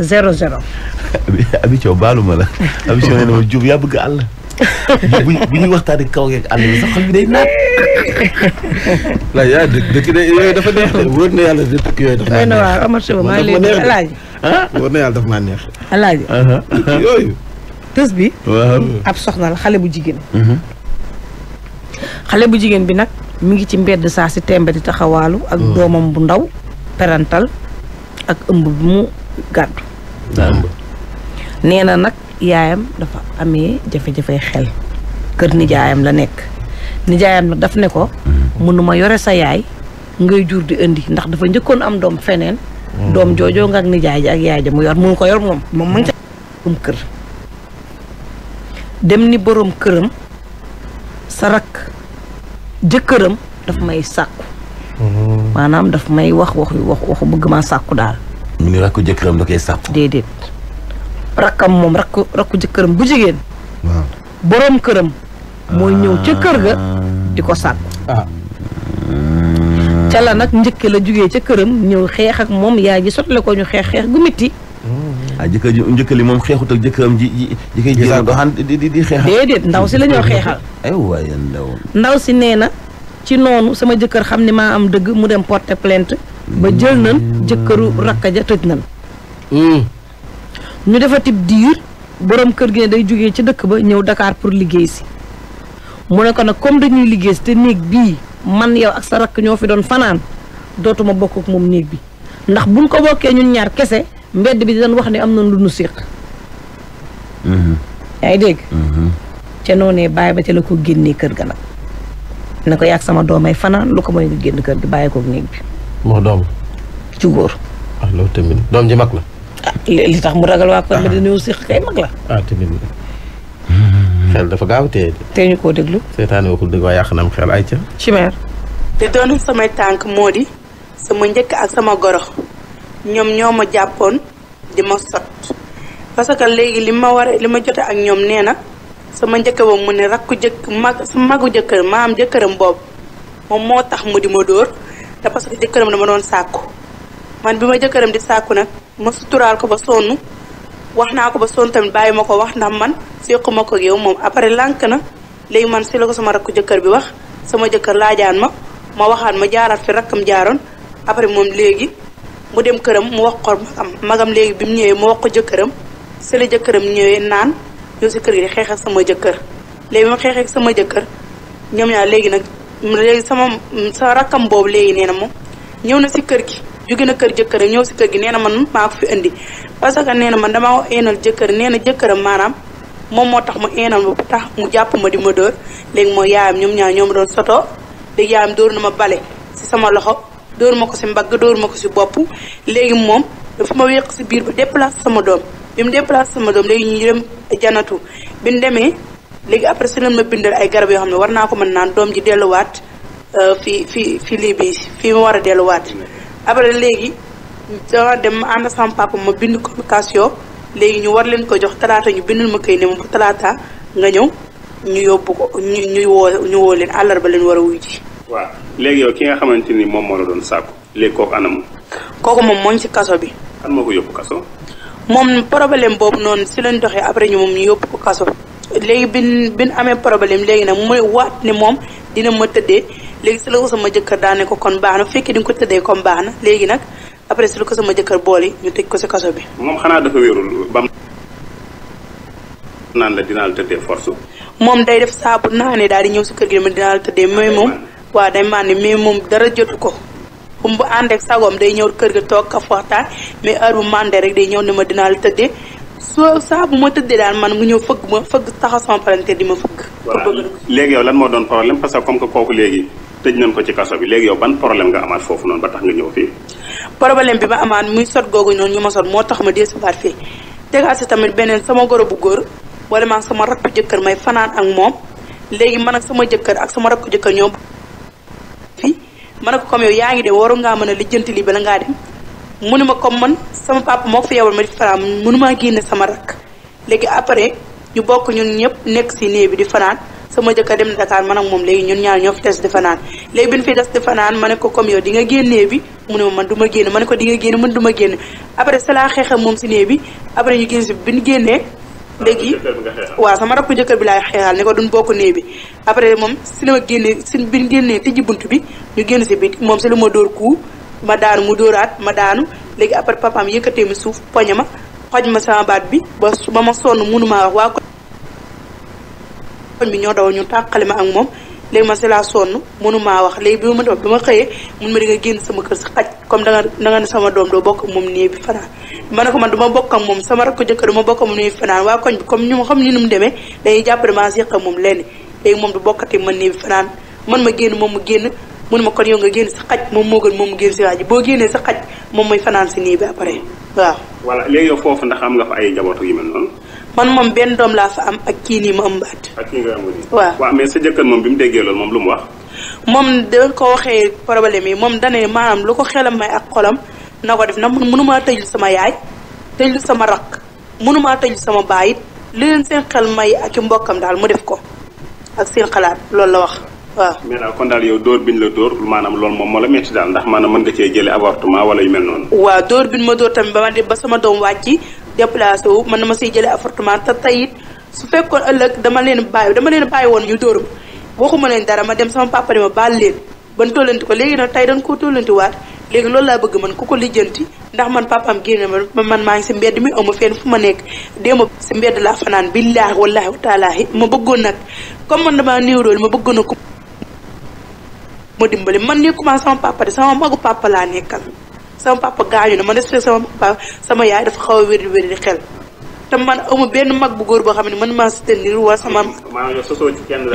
zéro zéro. Abi Thiaw baalu ma la. Abi Thiaw nee na yaa bëgg àll. bu bu ñuy waxtaanee kaw yeeg àll bi sax bi day naat. la yaa dafa neex de wóor dafa neex. maa ngi lay alaaji. Ah? bi. waaw ab soxna xale bu jigéen. Mhm. xale bu jigéen bi nag mu ngi ci mbedd saa si tembe di taxawaalu. ak mm. doomam bu ndaw perantal ak ëmb bu mu gàddu. ëmb nee na nag yaayam dafa amee jafe-jafe xel kër nijaayam la nekk nijaayam nag daf ne ko mm-hmm. mënuma yore sa yaay ngay jur di indi ndax dafa njëkkoon am doom feneen mm-hmm. doom joojoo nga ak nijaay ji ak yaay ja mu yor mënu ko yor moom moom mu ngi borom kër dem ni borom këram sa rakk jëkkëram dafa may sàkku mm-hmm. maanaam dafa may wax wax yu wax waxu bëgg maa sàkku daal mu ni rakku jëkkëram da koy sàpp. déedéet rakkam moom rakku rakku jëkkëram bu jigéen. waaw boroom këram. mooy ñëw ca kër ga ah. di ko sàpp. Ah. ca la nag njëkk la jugee ca këram ñëw xeex ak moom yaay ji sotle ko ñu xeex xeex gu métti. ah jëkkër njëkk li moom xeexut ak jëkkëram ji déedéet ndaw si la ñoo xeexal. ndaw. si nee na ci noonu sama jëkkër xam ne maa am dëgg mu dem porter plainte. ba jël nan jëkkëru rakka ja tëj nan hmm. ñu defa tib diir boroom kër gi ne day jóge ci dëkk ba ñëw dakaar pour liggéey si mu ne ko nag comme dañuy liggéey si te néeg bii man yow ak sa rakk ñoo fi doon fanaan dootuma bokk moom néeg bi ndax buñ ko bokkee ñun ñaar kese mbedd bi dinañ wax ni am nañ lu nu séq hmm. yaa ngi dégg hmm. ca noonee bàyyi ba ca la ko génnee kër ga nag ne ko yàgg sama doomay fanaan lu ko mooy nga génn kër gi bàyyi kook néeg bi moo doom ci góor. waaw ah, loolu tamit doom ji mag la. ah li tax mu ragal waa kon Medina Yusuf kay mag la. ah tamit hmm. dafa gaaw tee. ñu koo déglu. seetaane waxul dëgg na am xel ay ca. te doonu samay tànk moo di sama njëkk ak sama goro ñoom ñoo ma jàppoon di sot parce que léegi li ma war li ma jote ak ñoom nee na sama njëkk ba mu ne rakku jëkk mag magu jëkkër maam jëkkëram boobu moom moo tax mu di ma dóor. te parce que jëkkëram dama doon sàkku man bi ma jëkkëram di sàkku nag ma suturaal ko ba sonn wax naa ko ba sonn tamit bàyyi ma ko wax ndax man séqu ma ko yow moom après lànk na léegi man si la ko sama rakk jëkkër bi wax sama jëkkër laajaan ma ma waxaat ma jaaraat fi rakkam jaaroon après moom léegi mu dem këram mu wax ko magam magam léegi bi mu ñëwee mu ko jëkkëram si la jëkkëram ñëwee naan si kër gi xeex ak sama jëkkër léegi ma xeex sama jëkkër ñoom ñaar léegi nag léegi sama sa rakkam boobu léegi nee na moom ñëw na si kër gi jóge na kër jëkkër ñëw si kër gi nee na man maa ko fi indi parce que nee na man damaa eenal jëkkër nee na jëkkëram maanaam moom moo tax mu eenal ma ba tax mu jàpp ma di ma dóor léegi mooy yaayam ñoom ñaar ñoom doon soto léegi yaayam dóor na ma bale sama loxo dóor ko si mbagg dóor ma ko si bopp léegi moom dafa ma wéq si biir ba déplacé sama doom bi mu déplacé sama doom léegi ñu dem janatu bi mu demee léegi après si lan ma bindal ay garab yoo xam ne war naa ko mën naan doom ji delluwaat euh, fi fi fi lii bi fii mu war a delluwaat après léegi dama dem ànd sama papa ma bind communication léegi ñu war leen ko jox talaata ñu bindal ma ne ma talaata nga ñëw ñu yóbbu ko ñu ñu woo ñu woo leen àllarba leen war a wuy ji. waaw léegi ki nga xamante ni moom moo la doon sàkku kooku moom moo ngi ci kaso bi. kan moo ko yóbbu kaso. moom problème boobu noonu si leen doxee après ñu moom ñu yóbbu ko kaso. léegi bi bi nu amee problème léegi nag mooy waat ne moom dina ma tëddee léegi si la ko sama jëkkër daane ko kon baax na bu fekkee di nga ko tëddee comme baax léegi nag après si la ko sama jëkkër bool ñu tëj ko si kaso bi. moom xanaa dafa wérul bam naan tëddee force. moom day def saabu naa ne daal di ñëw si kër gi dama dinaa la tëddee mais moom. waa day maan ne mais moom dara jotu ko. bu ànd ak sagoom day ñëw kër gi toog ka waxtaan mais heure bu màndee rek day ñëw ne ma dinaa la tëddee. soo saa bu ma tëddee daal man mu ñëw fëgg ma fëgg taxaw sama palanteer di ma fëgg. voilà léegi yow lan moo doon problème parce que comme que kooku léegi tëj nañ ko ci kaso bi léegi yow ban problème nga amaat foofu noonu ba tax nga ñëw fii. problème bi ma amaat muy sot googu noonu ñu ma sot moo tax ma dee subaat fii tegaat si tamit beneen sama goro bu góor wala maa sama rakku jëkkër may fanaan ak moom léegi man ak sama jëkkër ak sama rakku jëkkër ñoom. fii man ak comme yaa ngi dem waroon ngaa mën a lijjanti lii bala ngaa ma comme man sama papa moo fi yebal ma di fanaan mënumaa génne sama rakk léegi après ñu bokk ñun ñëpp nekk si néeg bi di fanaan sama jëkkër dem Dakar man moom léegi ñun ñaar ñoo fi des di fanaan léegi bi ñu fi des di fanaan ma ne ko comme yow di nga génn néeg bi mu ne ma man du ma ma ne ko di nga génne man duma ma génn après c'est la xeex ak moom si néeg bi après ñu génn si bi ñu génnee. léegi waaw sama rakku jëkkër bi laay xeexal ne ko duñ bokk néeg bi après moom si la ma génnee si bi ñu génnee tijji bunt bi ñu génn si bi moom si la ma dóor kuu ma daanu mu dóoraat ma daanu léegi après papaam yëkkatee ma suuf poñe ma xoj ma sama baat bi ba ba ma sonn mënumaa wax waa koñ bi ñoo daw ñu tàqale ma moom léegi ma si laa sonn mënumaa wax léegi bi ma def bi ma xëyee mun ma di nga génn sama kër si xaj comme danga da sama doom bokk moom néeg ma ne ko man du ma bokk moom sama rakk jëkkër du bokk ak moom koñ bi comme ñu xam ni nu demee dañuy jàpp maa séq ak moom lenn léegi moom du bokkati man néeg fanaan man ma génn moom mu génn mun ma kon yow nga génn sa xaj moom moo gën moom mu génn si waa boo génnee sa xaj moom mooy fanaan si nii bi après waaw. voilà léegi yow foofu ndax am nga fa ay njaboot yu man moom benn doom laa fa am ak kii nii ma ëmbaat. ak kii nga am nii. waaw moom bi mu déggee loolu moom lu mu wax. moom da ko waxee problème yi moom danee maanaam lu ko xelam may ak xolam na ko def na mënumaa tëjlu sama yaay tëjlu sama rakk mënumaa tëjlu sama baay it li leen seen xel may ak i mbokkam daal mu def ko ak seen xalaat loolu la wax. waaw mais daal kon daal yow dóor bi ñu la dóor maanaam loolu moom moo la métti daal ndax maanaam mën nga cee jëlee avortement wala yu mel noonu. waaw dóor bi ñu ma dóor tamit ba ma ba sama doom wàcc déplacé wu mën na ma siy jëlee avortement tey su fekkoon ëllëg dama leen bàyyi dama leen bàyyi woon ñu dóor waxuma leen dara ma dem sama papa ne ma baal leen ban tollanti ko léegi nag tey dañ ko tollanti waat léegi loolu laa bëgg man ku ko lijjanti ndax man papaam génne ma man maa ngi si mbedd mi amu fenn fu ma nekk démb si mbedd laa fanaan billaahi wallaahi wa taalaahi ma bëggoon nag comme man damaa néew doole ma bëggoon na ko ma dimbali man nii commencé sama papa de sama magu papa laa nekkal sama papa gaañu na man respecté sama papa sama yaay dafa xaw a wér wér di xel te man amu benn mag bu góor boo xam ne man maa soutenir wala sama.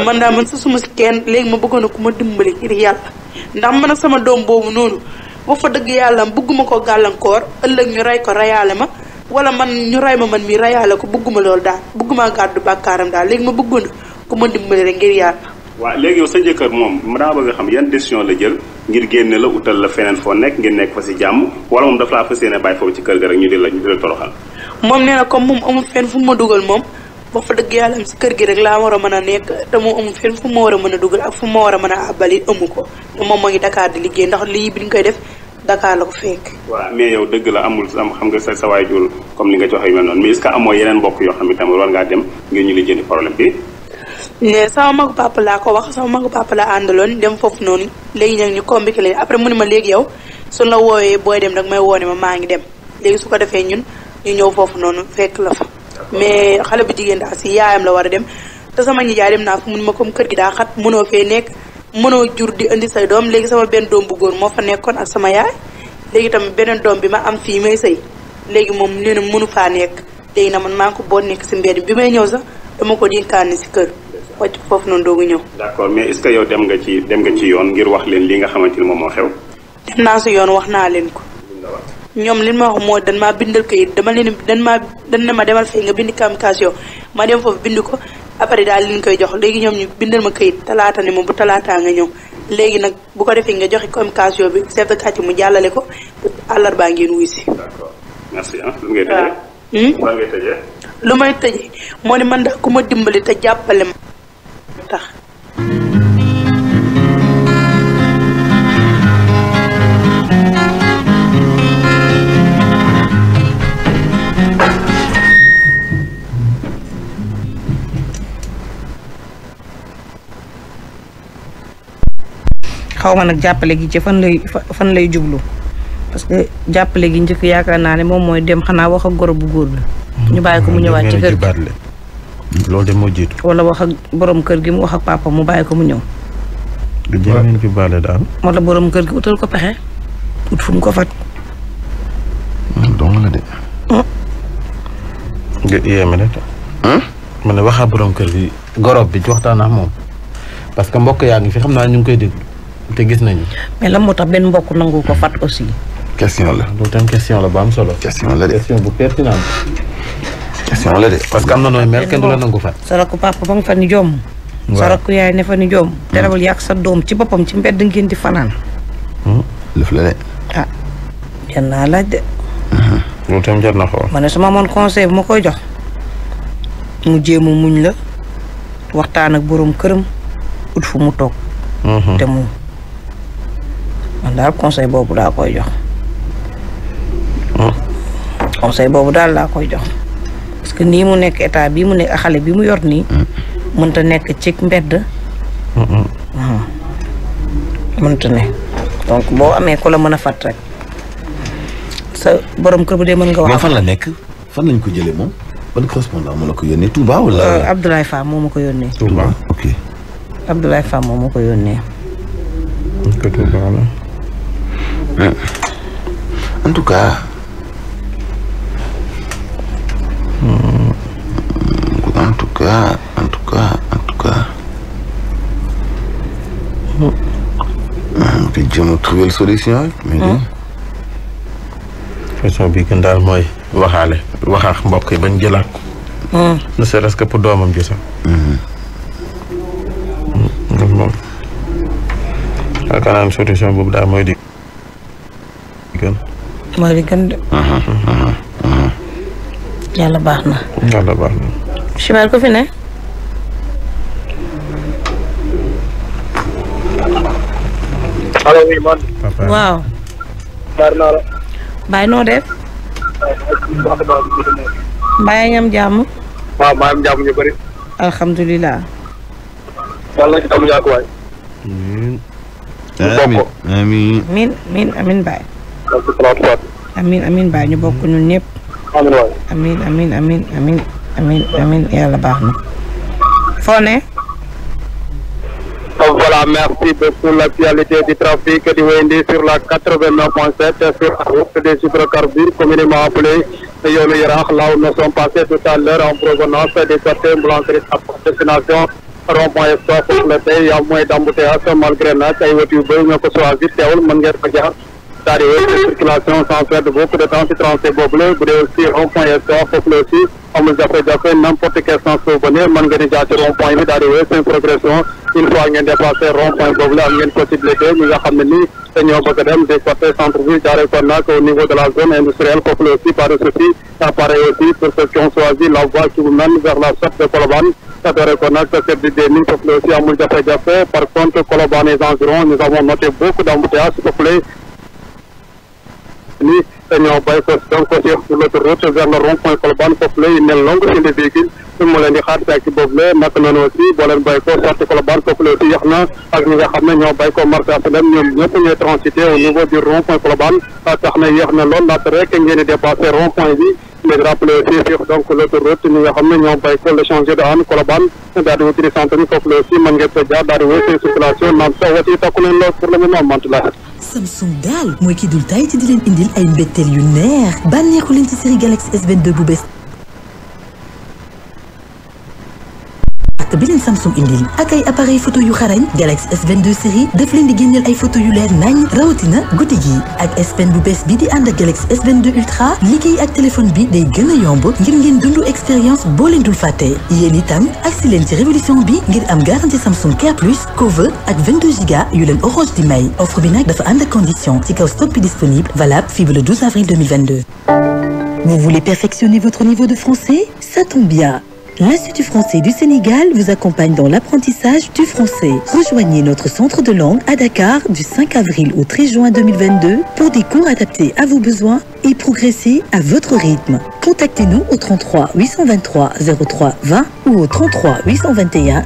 man daal man sosuma si kenn léegi ma bëggoon na ku ma dimbali ngir yàlla ndax man ak sama doom boobu noonu boo fa dëgg yàlla bëgguma ko gàllankoor ëllëg ñu rey ko reyaale ma wala man ñu rey ma man mi reyaale ko bëgguma loolu daal bëgguma gàddu bàkkaaram daal léegi ma bëggoon na ku ma dimbali rek ngir yàlla. waaw léegi yow sa jëkkër moom mu daa bëgg a xam yan décision la jël ngir génne la utal la feneen foo nekk ngeen nekk fa si jàmm wala moom dafa laa fas yéene bàyyi foofu ci kër ga rek ñu di la dugal moom ba fa dëgg kër gi rek laa war a mën a nekk te moom amul fenn fu ma war a mën a dugal ak fu ma war a mën a àbbali amu ko te moom moo ngi Dakar di liggéey ndax lii bi ñu koy def Dakar la ko fekk waaw mais yow dëgg la amul am xam nga sa sa waay jur comme li nga ci waxee yu mel noonu mais est-ce que amoo yeneen mbokk ne sama magu papa laa ko wax sama magu papa laa àndaloon dem foofu noonu léegi nag ñu combiqué leen après mu ne ma léegi yow suñ la wooyee booy dem nag may woone ma maa ngi dem léegi su ko defee ñun ñu ñëw foofu noonu fekk la fa mais xale bu jigéen daal si yaayam la war a dem te sama nijaay dem naa fa mun ma comme kër gi daa xat mënoo fee nekk mënoo jur di indi say doom léegi sama benn doom bu góor moo fa nekkoon ak sama yaay léegi tamit beneen doom bi ma am fii may sëy léegi moom nee mënu faa nekk léegi na man maa ko nekk si mbedd bi may ñëw sax dama ko dénkaan si kër wàcc foofu noonu doogu ñëw. d'accord mais est que yow dem nga ci dem nga ci yoon ngir wax leen li nga xamante ni moom moo xew. dem naa si yoon wax naa leen ko. ñoom li ma wax mooy dan maa bindal kayit dama leen dan maa dan ne ma demal fii nga bind communication ma dem foofu bind ko après daal liñ koy jox léegi ñoom ñu bindal ma kayit talaata ne ma bu talaataa nga ñëw léegi nag bu ko defee nga joxe communication bi set de mu jàllale ko àllarbaa ngeen wuy si. d'accord merci ah lu ngay tëjee. Hmm? may tëjee moo ne man ndax ku ma dimbali te jàppale ma. tax xaw ma nag jàppale gi ci fan lay fan lay jublu parce que jàppale gi njëkk yaakaar naa ne moom mooy dem xanaa wax goro bu góor la ñu bàyyi ko mu ñëwaat ci kër gi loolu de moo jiitu. wala wax ak borom kër gi mu wax ak papa mu bàyyi ko mu ñëw. jéem ci baale daal. wala borom kër gi utal ko pexe ut fu mu ko fat. Hmm, dong la de. Hmm? nga yéeme rek. Hmm? ma ne waxaa borom kër gi bi ci waxtaan ak moom parce que mbokk yaa ngi fi xam naa ñu ngi koy déglu te gis nañu. mais lan moo tax benn mbokk nangu ko fat aussi. question la loolu tam question la bu am solo. question la de question bu pertinente. soo la de parce que am na nooy mel kenn du la nangu fan. sa rakku papa ma nga fa ni jomm. waaw sa yaay ne fa ni jomm. Hmm. terewul yàq sa doom ci boppam ci mbedd ngeen di fanaan. Hmm. lëf la de. ah jar laaj de. Hmm. loolu tam jar na xool. ma ne su ma amoon conseil bu koy jox mu jéem muñ la waxtaan ak borom këram ut fu mu toog. te mu man daal conseil boobu laa koy jox. conseil boobu daal laa koy jox. que nii mu nekk état bi mu nekk xale bi mu yor nii. Mm. mënta nekk ci mbedd. Mm-hmm. mënta ne donc boo amee ko la mën a fat rek sa borom kër bu dee mën nga. wax mais fan la nekk fan lañ ko jëlee moom ban correspondant moo la ko yónnee Touba wala. Euh, Abdoulaye Fall moo ma ko yónnee. Touba ok. Abdoulaye Fall ko yónnee. en tout cas. jéem a trouver solution rek. Hmm. question bi gën daal mooy waxaale waxaax mbokk yi bañ jëlaat ko. Hmm. ne serait-ce pour doomam ji sax. Hmm. loolu moom solution boobu daal mooy di gën. mooy di gën de. baax na. yàlla baax na. Chimère ku fi ne. monde. waaw. Baar naa la. Baay noo def. Mbaye a ngi am jàmm. waaw maa ngi am ñu bëri. alhamdulilah. yàlla na ci amuñu ak baax na. foo merci beaucoup. L'actualité du trafic du sur la 89.7 sur la route des hydrocarbures, communément appelée Yolu Yarach, là où nous passés tout à l'heure en provenance des certains blancheries à destination rond-point a moins d'embouteillages malgré nag ay wët yu bëri ñoo ko choisir teewul mën ngeen ko c'est-à-dire circulation sans perdre beaucoup de aussi rond point Escale foofu la aussi amul jafe-jafe n'importe quel sens soo bëggee mën point bi daal di wéy seen progression une fois ngeen dépassé rond point am ngeen possibilité ñi nga xam ne nii dañoo bëgg a dem des côté centre niveau de la zone industrielle foofu par ceci appareil aussi la voie qui mène vers la sortie de Colobane jaaree ko nag cette idée ni ñoo bàyyi ko donc côté sur l'autoroute vers le rond-point Colobane foofu la ñu ne longue indi véhicule mu leen di xaar si ak boobu la naka noonu aussi boo leen bàyyi ko sorti Colobane foofu la aussi yàq na ak ñi nga xam ne ñoo bàyyi ko marché HLM ñoom ñëpp ñooy transité au niveau du rond-point Colobane tax na yéex na lool laata rek ngeen di dépassé rond-point bi. mais rappeler aussi fii donc l'autoroute ñi nga xam ne ñoo béy ko le changer de an Colobane daal di wutiri centre bi foofu la aussi mën ngeen ko jaar daal di wéy seen circulation naan sax wati yi takku leen lool pour le moment mant la Samsung daal mooy kii dul tay ci di leen indil ay mbégteel yu neex bànneexu leen ci série Galaxy S22 bu bees ak bi leen Samsung indil ak ay appareil photo yu xarañ Galaxy S22 série daf leen ay photo yu leer nañ rawatina guddi gi ak S Pen bu bees bi di ànd ak Galaxy S22 Ultra liggéey ak téléphone bi day gën a yomb ngir ngeen dundu expérience boo leen dul fàtte yéen itam agsi leen ci révolution bi ngir am garantie Samsung Care Plus cover ak 22 giga yu leen Orange di may offre bi nag dafa ànd ak condition ci kaw stock bi disponible valable fii ba avril Vous voulez perfectionner votre niveau L'Institut français du Sénégal vous accompagne dans l'apprentissage du français. Rejoignez notre de langue à Dakar du 5 avril au 13 juin 2022 pour des cours adaptés à vos besoins et progresser à votre rythme. Contactez-nous au 33 823 03 20 ou au 33 821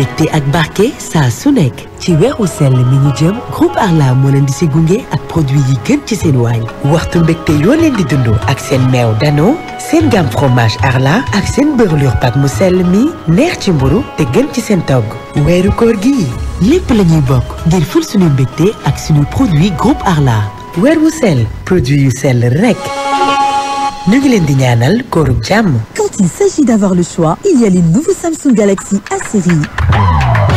mbégte ak barke saa su nekk ci weeru sell mi ñu jëm groupe Arla moo leen di si gunge ak produit yi gën ci seen waañ waxtu mbégte yoo leen di dund ak seen meew dano seen gamme fromage Arla ak seen beurre pak mu sell mi neex ci mburu te gën ci seen togg weeru koor gi lépp la ñuy bokk ngir ful suñu mbégte ak suñu produit groupe Arla weer wu sell produit yu sell rek ñu ngi leen di ñaanal kóorub jàmm. Quand il s'agit d'avoir le choix, il y a les nouveaux Samsung Galaxy A série.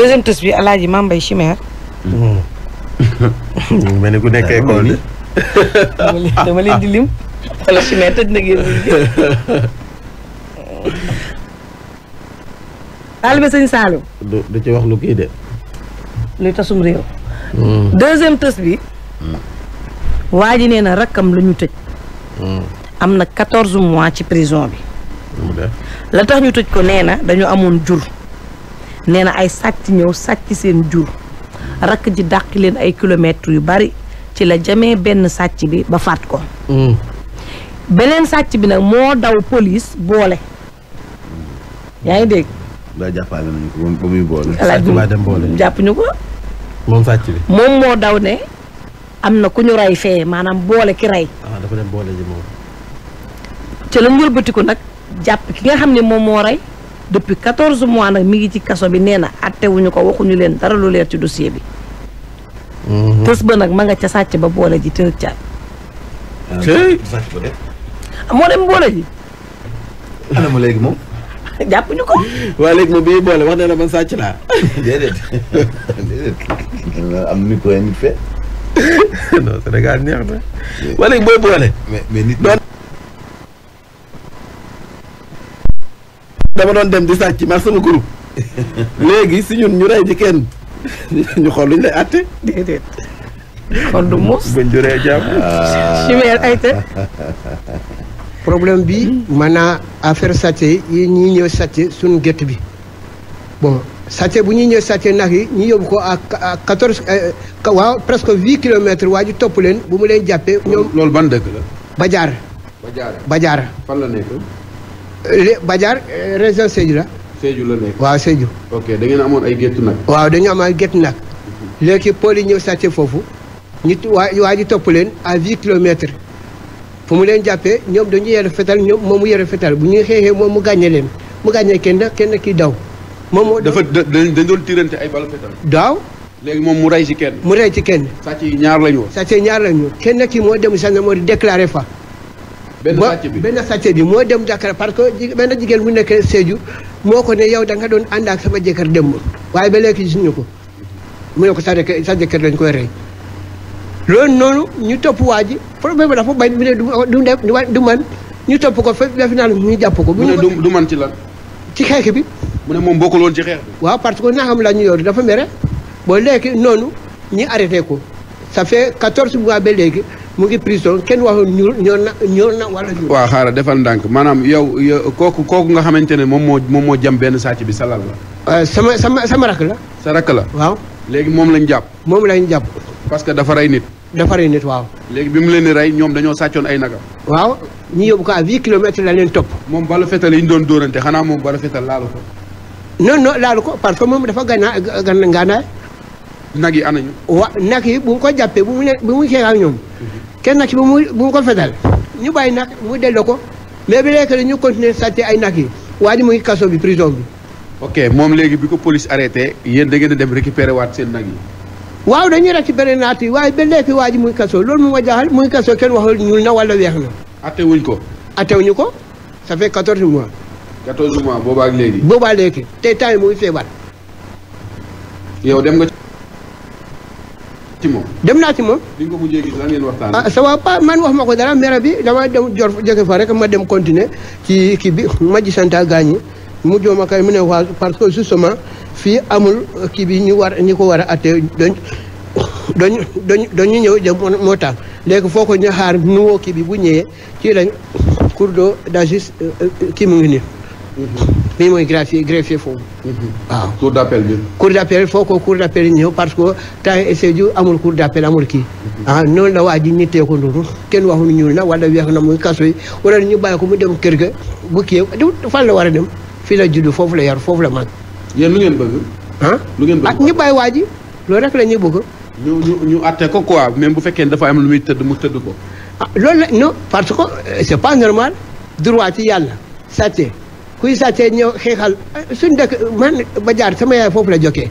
deuxième tës bi alaaji Mame Mbaye Chimère. Hmm. mel ni ku nekkee école bi. dama leen di lim. wala Chimère tëj na génn taalibe sëñ Saalum. du du ci wax lu kii de. luy tasum réew. Hmm. deuxième tës bi. Hmm. waa ji nee na rakkam la ñu tëj. am na quatorze mois ci prison bi. la tax ñu tëj ko nee na dañu amoon jur. nee na ay sàcc ñëw sàcc seen jur rakk ji dàq leen ay kilomètres yu bari ci la jamee benn sàcc bi ba faat ko mm. beneen sàcc bi nag moo daw police boole yaa ngi dégg daa jàppaale nañu ko ba muy boole jàpp ñu ko moom sàcc bi moom moo daw ne am na ku ñu rey fee maanaam boole ki rey ah dafa dem boole ji moom ci la ñu wëlbatiku nag jàpp ki nga xam ne moom moo rey depuis 14 mois nag mi ngi ci kaso bi nee na attewuñu ko waxuñu leen dara lu leer ci dossier bi. tës mhm. ba nag ma nga ca sàcc ba boole ji tëj caat. moo dem boole ji. ana ma léegi moom. jàpp ñu ko. waaye léegi moom bi boole wax na la man sàcc laa. Sénégal neex na. waaye léegi booy boole. mais mais nit dama doon dem di sàcc ma sama groupe léegi si ñun ñu rey ci kenn ñu xool luñ lay àtte. déedéet. kon du muus buñ juree problème bi maanaam affaire sàcc yi ñuy ñëw sàcc suñu gétt bi bon sàcc bu ñuy ñëw sàcc nag yi ñu yóbbu ko ak quatorze euh, waaw presque huit kilomètres waa ji topp leen bu mu leen jàppee. ñoom loolu ban dëkk Bajaar. Bajaar Badiar eh, région Sédhiou la. Sédhiou la nekk waaw Sédhiou. ok da ngeen amoon ay géttu nag. waaw dañu amoon ay géttu nag mhm. léegi pôles yi ñëw sàcce foofu ñu waa waa ji topp leen à huit kilomètres fu mu leen jàppee ñoom dañu yore fetal ñoom moom mu yore fetal bu ñuy xeexee moom mu gàññee leen mu gàññee kenn kenn ki daw. moom moo dafa dañ doon tirante ay balu daaw. léegi moom mu rey ci kenn. mu rey ci kenn. sàcc yi ñaar lañu woon. sàcc yi ñaar lañu woon kenn ki moo dem gendarmerie déclaré fa. benn sàcc bi benn sàcc bi moo dem Dakar parce que benn jigéen bu nekk Sédhiou moo ko ne yow da nga doon ànd ak sama jekkar démb waaye ba léegi ñu ko mu ne ko sa sa jëkkër lañ koy rey loolu noonu ñu topp waa ji problème bi dafa bañ mu ne du du man ñu topp ko fa def naa ñu jàpp ko. mu ne du man ci lan. ci xeex bi. mu ne moom bokkul woon ci xeex waaw parce que naxam la ñu yor dafa mere boo léegi noonu ñu arrêté ko ça fait quatorze mois ba léegi. mu ngi prison kenn waxul ñuul ñool na ñool na wala ñuul. waaw xaaral ndànk maanaam yow kooku kooku nga xamante ne moom moo moom moo jam benn sàcc bi salal la. Euh, sama sama sama rakk la. sa la léegi moom lañ jàpp. moom lañ jàpp. parce que dafa rey nit. dafa rey nit waaw. léegi bi mu leen rey ñoom dañoo sàccoon ay nagam. waaw ñu yóbbu ko à huit kilomètres la leen topp. moom bala fetal yi doon dóorante xanaa moom bala fetal laalu ko. non non ko parce que moom dafa gànnaa gànnaay. nag yi anañu. wa nag yi bu ko jàppee bu mu ne bu mu xeex ñoom. Mhm. kenn nag si bu muy bu mu ko fetal ñu bàyyi nag mu delloo ko mais bi léegi ñu continuer sàcce ay nag yi waa ji mu ngi kaso bi prison bi. ok moom léegi bi ko police arrêté yéen da gën a dem récupérer waat seen nag yi. waaw dañuy récupérer naat yi waaye ba léegi waa ji mu ngi kaso loolu moom ma jaaxal mu ngi kaso kenn waxul ñuul na wala weex na. atewuñ ko. atewuñu ko ça fait quatorze mois. quatorze mois boobaa ak léegi. boobaa léegi te temps yi mu ngi feebar. yow dem nga. ci dem naa ci moom. bi ah ça va pas man wax ma ko dara mère bi dama dem jor jóge fa rek ma dem continuer ci kii bi ma gisante ak gaañ mu jooma kay mu ne waa parce que justement fii amul kii bi ñu war ñi ko war a atte doñ doñ doñ doñu ñëw jëm moo tax léegi foo ko ñu xaar nuwoo kii bi bu ñëwee ci lañ cour de justice euh, euh, kii mu ngi nii. mais mooy greffier greffier foofu. waaw cour d' appel bi. cour d' appel foo ko cour d' appel ñëw parce que temps Sédhiou amul cour d' amul kii. Mhm. ah noonu la waa ji ñu tee ko noonu kenn waxuñu ñuul na wala weex na muy kaso yi wala ñu bàyyi ko mu dem kër ga bu kii fan la war a dem fii la judd foofu la yar foofu la mag. yéen lu ngeen bëgg. ah lu ngeen bëgg ak ah, ñu bàyyi waa loolu rek la ñuy bëgg. ñu ñu ñu àtte ko quoi même bu fekkee dafa am lu muy tëdd mu tëdd ko. ah loolu la non parce que euh, c' kuy sàccee ñëw xeexal suñ dëkk man ba jaar sama yaay foofu la jokkee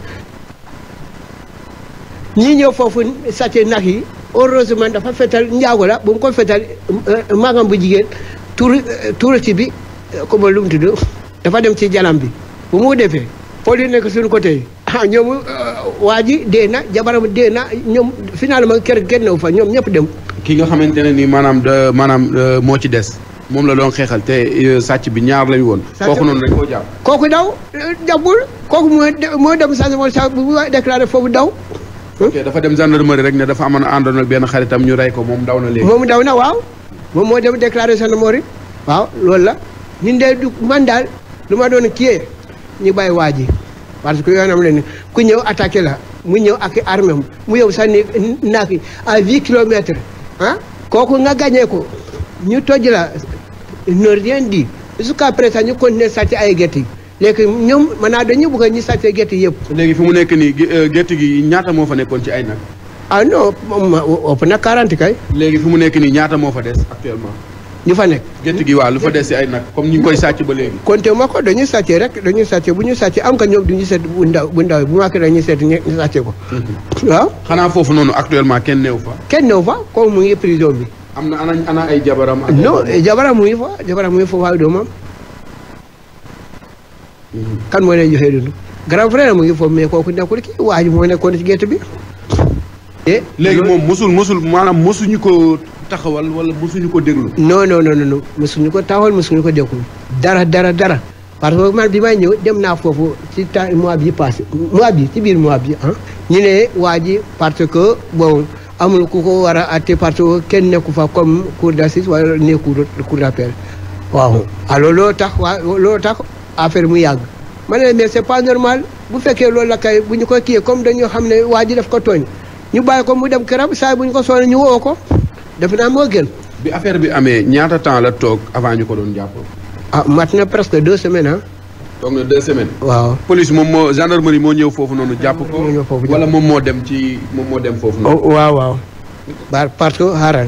ñii ñëw foofu sàccee nax yi heureusement dafa fetal njaago la bu mu ko fetal eh, magam bu jigéen tur turist bi comme lu mu dafa dem ci jalam bi bu mu defee poli nekk suñu côté yi ah ñoom eh, waa ji dee na jabaram dee na ñoom finaale ma finalement kër wu fa ñoom ñëpp dem. ki nga xamante ne ni maanaam maanaam eh, moo ci des. moom la doon xeexal te euh, sàcc bi ñaar lañu woon. kooku noonu dañ koo jàpp. kooku daw jàppul kooku mooy mooy dem changement sa bu déclaré foofu daw. ok dafa dem gendarmerie rek ne dafa amoon àndoon ak benn xaritam ñu rey ko moom daw na léegi. daw na waaw moom moo dem déclaré gendarmerie waaw loolu la ñun de du man daal lu ma doon kiyee ñu bàyyi waa ji parce que yoonam leen ku ñëw attaqué la mu ñëw ak armée mu yow sànni naak yi à huit kilomètres ah kooku nga gagné ko ñu toj la ils n'ont rien dit jusqu'à présent ñu continuer sàcc ay gerte yi léegi ñoom maanaam dañu bëgg a ñu sàccee gerte yëpp. léegi fu mu nekk nii euh, gerte gi ñaata moo fa nekkoon ci ay nag. ah non ëpp na 40 kay. léegi mu nekk nii ñaata moo fa des actuellement. ñu fa nekk. gerte gi waa lu fa des si ay nag comme ñu koy sàcc ba léegi. compté ma ko dañuy sàccee rek dañuy sàccee bu ñu sàccee am ka ñoom du ñu seet bu ndaw bu ndaw bu màkk dañuy seet ñu sàccee ko. Mhm. waaw. xanaa foofu noonu actuellement kenn new fa. kenn néew fa comme mu ngi prison bi. am na ana ay jabaram. non jabaram mu ngi fa jabaram mu ngi fa waaye doomam. Hmm. kan mooy leen joxe dund. grand frère mu ngi foofu mais kooku nekkul kii waa ji moo nekkoon ci gerte bi. et eh? léegi moom mosul mosul maanaam mosuñu ko taxawal wala mosuñu ko déglu. non non non non mosuñu ko taxawal mosuñu ko déglu. dara dara dara parce que man bi may ñëw dem naa foofu ci temps mois bii passé mois bi ci biir mois bi ah ñu ne waa ji parce que bon. amul ku ko war a àtte parce que kenn nekku fa comme cour d'assises wala nekku cour d'appel waaw alors loolu tax waa loolu tax affaire mu yàgg ma ne mais c'est pas normal bu fekkee loolu la kay bu ñu ko kiyee comme dañoo xam ne waa ji daf ko tooñ ñu bàyyi ko mu dem këram saa bu ñu ko soone ñu woo ko def naa moo gën bi affaire bi amee ñaata temps la toog avant ñu ko doon jàpp ah mat na presque deux semaines ah toog na waaw police moom moo gendarmerie moo ñëw foofu noonu. jàpp ko wala moom moo dem ci moom moo dem foofu noonu. Oh, waaw waaw. parce que xaaral.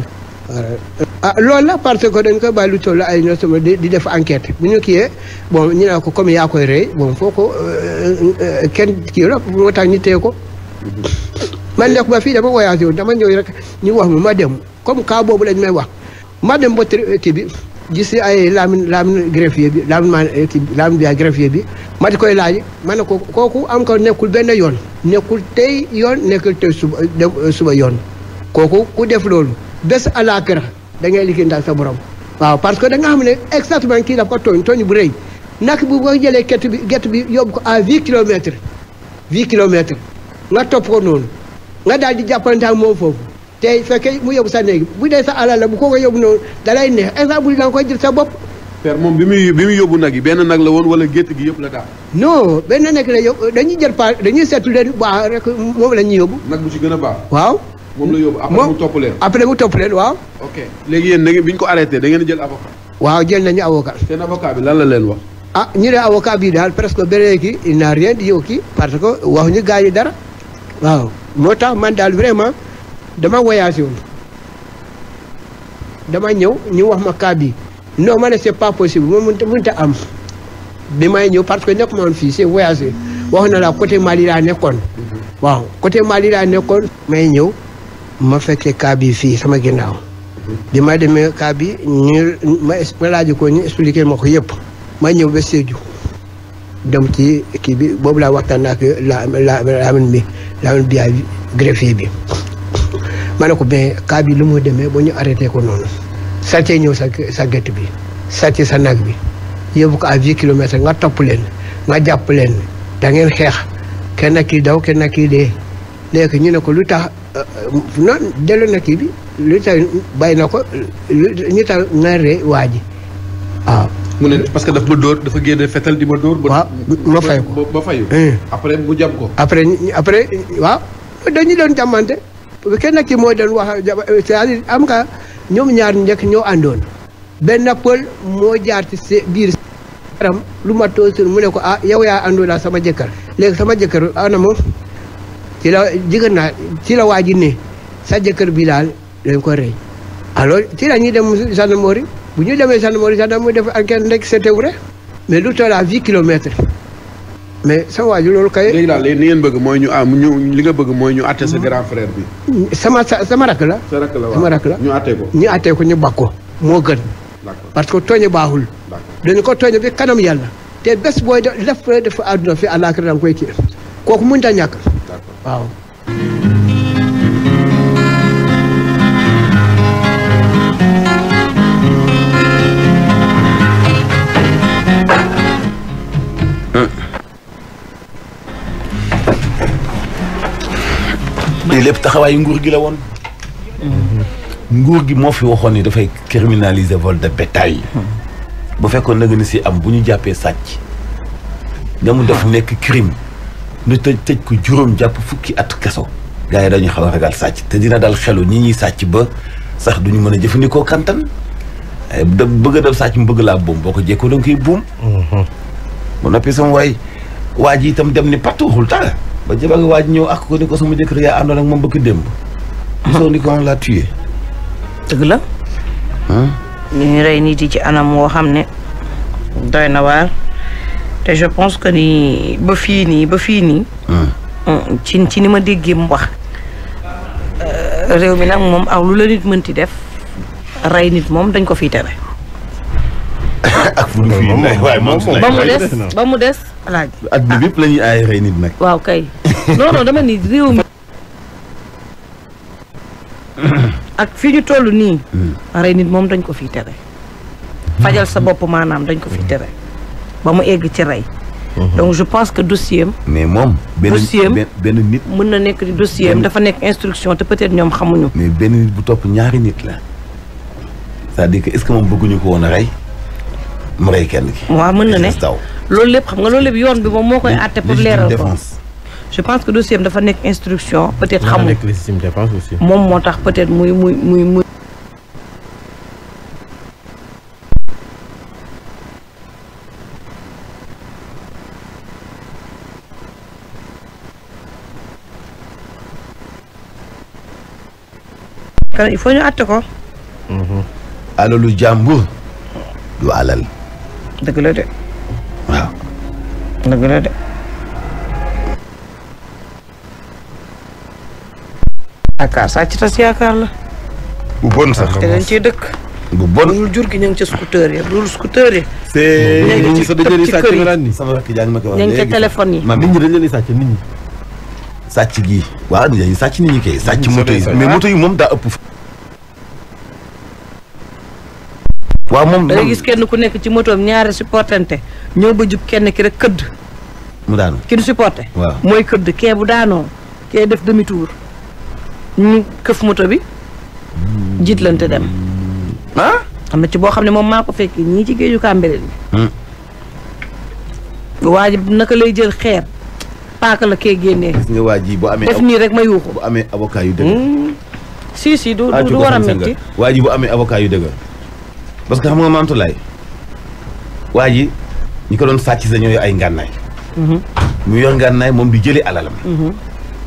ah loolu la parce que dañ ko bàyyi lu toll ay ñoom sama di def enquête bu ñu kiiyee bon ñu ne ko comme yaa koy rey bon foo ko euh, euh, kenn kii la moo tax ñu téye ko. man nekk ba fii dama voyagé woon dama ñëw rek ñu wax mu ma dem comme kaa boobu lañ may wax ma dem ba kii bi. gis si ay laamin laamin greffier bi laamin maa eh, kii laamin bi greffier bi ma di koy laaj ma ne ko kooku am ko nekkul benn yoon nekkul tey yoon nekkul tey suba eh, suba yoon kooku ku def loolu bés àllaaxira da ngay liggéey ndax sa borom waaw parce que da nga xam ne exactement kii daf ko tooñ tooñ bu rëy nak bu ko jëlee gett bi gett bi yóbbu ko à huit kilomètres huit kilomètres nga topp ko noonu nga daal di jàppante ak moom foofu tey fekkee mu yóbbu sa néeg bu dee sa alal la bu ko ko yóbbu noonu dalay neex instant bu da jël sa bopp. père moom bi muy bi muy yóbbu nag yi benn nag la woon wala gétt gi yëpp la daal. non benn nag la yóbbu dañuy jël pa dañuy seetlu leen baax rek moom la ñuy yóbbu. nag bu ci gën a baax. waaw. moom la yóbbu après mu topp leen. après mu leen waaw. ok léegi yéen da ngeen ko arrêté da ngeen jël avocat. waaw jël nañu avocat. seen bi la leen wax. ah ñu daal presque ba léegi il n'a di dit kii parce que waxuñu gars yi dara waaw moo tax man daal vraiment dama voyagé woon dama ñëw ñu wax ma cas bi non ma ne c'est pas possible moom mënut am bi may ñëw parce que nekk moon fii c'est voyagé wax na la côté Mali laa nekkoon waaw côté Mali laa nekkoon may ñëw ma fekkee cas fii sama ginnaaw bi ma demee cas bi ñu ma ma laaj ko ñu expliqué ma ko yëpp ma ñëw ba Sédhiou dem ci kii bi boobu laa waxtaan ak la la laaman bi laaman bi greffier bi ma ko mais cas bi lu muy demee ba ñu arrêté ko noonu sàccee ñëw sa sa bi sàcc sa nag bi yóbbu ko à huit kilomètres nga topp leen nga jàpp leen da ngeen xeex kenn kii daw kenn kii de léegi ñu ne ko lu tax euh, non delloo na kii bi lu tax bay na ko ñu tax nga ree waa ji waaw. Ah. mu ne parce que daf ma dóor dafa génne fetal di ma dóor. waaw ma ko ba fayu. après mu jam ko. après après waaw dañu doon jàmmante. kenn ki moo doon wax c'est-à-dire am ka ñoom ñaar njëkk ñoo àndoon benn na pël moo jaar ci biir yaram lu ma toosul mu ne ko ah yow yaa àndoon sama jëkkër léegi sama jëkkër ana moom ci la jigéen naa ci la waa ji ne sa jëkkër bi daal dañ ko rey alors ci a ñuy dem gendarmerie bu ñu demee gendarmerie gendarmerie def enquête nekk c'était vrai mais lu toll à mais sa waa ji loolu kay. léegi daal li bëgg mooy ñu am ñu li nga bëgg mooy ñu àtte sa grand frère bi. sama sama rakk la. sa la waaw sama rakk la. ñu àtte ko ñu àtte ko ñu bàkk ko moo gën. parce que tooñe baaxul. dañu ko tooñe bi kanam yàlla. te bés booy def def àdduna fi àllaaxira da nga koy kii kooku mënut a ñàkk. waaw. lépp taxawaayu nguur gi la woon. nguur gi moo fi waxoon ni dafay criminaliser vol de bétail. bu fekkoon nag ni si am bu ñu jàppee sàcc. nga mu def nekk crime. ñu tëj tëj ko juróom jàpp fukki at keso gars yi dañu xaw a ragal sàcc te dina dal xelu ñi ñuy sàcc ba sax duñu mën a jëfandikoo kantan. Eh, da bëgg a def sàcc mu bëgg laa buum boo ko jékkoo da nga koy buum. bu mhm. noppi sama waay waa ji itam dem ni pattuwul dara. ba jabar gi waaj ñëw ak ko ni ko sama jëkkër yaa ak moom bëgg démb. gisoo ni ko la tué. dëgg la. ñu ngi rey nit yi ci anam woo xam ne doy na waar te je pense que nii ba fii nii ba fii nii. Euh, ci ci ni ma déggee mu wax. Euh, réew mi nag moom aw lu la nit mënti def rey nit moom dañ ko fiy tere. ak fu mu des ba mu des. alaaji adduna ah. bépp la ñuy aéré nit nag. waaw kay non non dama ni réew mi. ak fi ñu toll nii. Hmm. rey nit moom dañ ko fiy tere. fajal sa bopp maanaam dañ ko fiy hmm. tere. ba mu egg ci rey. Hmm. donc je pense que dossier mais moom benn benn nit. mën na nekk ni dossier dafa nekk instruction te peut-être ñoom xamuñu. mais benn nit bu topp ñaari nit la. c'est-à-dire que moom bëgguñu ko woon a rey mu rey kenn ki. waaw mën na ne loolu lépp xam nga loolu lépp yoon bi moom moo koy àtte pour leeral ko je pense que dossier am dafa nekk instruction peut-être xamul moom moo tax peut-être muy muy muy muy il faut ñu àtte ko mhm. alalu jàmbur du alal dëgg la de dëgg la de. yaakaar sàcc tas la. bu bon sax te dañ ciy dëkk. bu bon loolu jur gi ñu ngi ci scooter yi loolu scooter yi. ñu ngi ci tëb ci kër yi sama rakk jaa ngi ma ko wax léegi ñu ngi ci téléphone yi. nit ñi dañ leen di sàcc nit ñi. sàcc gii ñi kay. sàcc moto yi mais moto yi moom daa ëpp. waaw moom da gis kenn ku nekk ci motoom ñaari supportante ñëw ba jub kenn ki rek këdd. mu daanu ki du supporté. mooy këdd kee bu daanoo kee def demi tour ñu këf moto bi jiitlante dem. Hmm. ah. xam na ci boo xam ne moom maa ko fekki ñii ci géeju Cambérène bi. Hmm. waa ji naka lay jël xeer. paaka la kee génnee. gis nga waa ji bu amee def nii rek ma yuuxu. bu amee avocat yu dëgg. Hmm. si si du du war a métti. waa ji bu amee avocat yu dëgg. parce que xam nga maam Toulaye waa ji ñi ko doon sàcc dañoo yor ay ngànnaay. Mhm. mu yor ngànnaay moom di jëlee alalam. Mhm.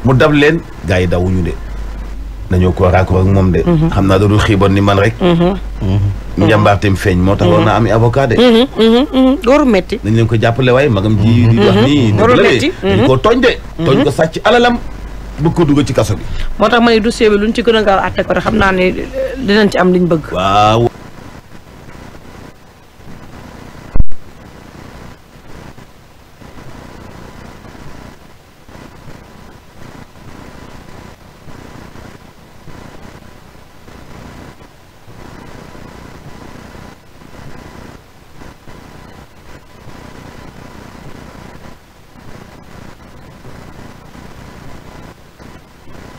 mu dab leen gars yi dawuñu de. dañoo ko raccord ak moom de. Mhm. xam naa da dul xiibon ni man rek. njàmbaarteem feeñ moo tax war naa am avocat de. waru metti dañ leen ko jàppale waaye magam a xam naa ne dinañ ci am liñ bëgg. waaw.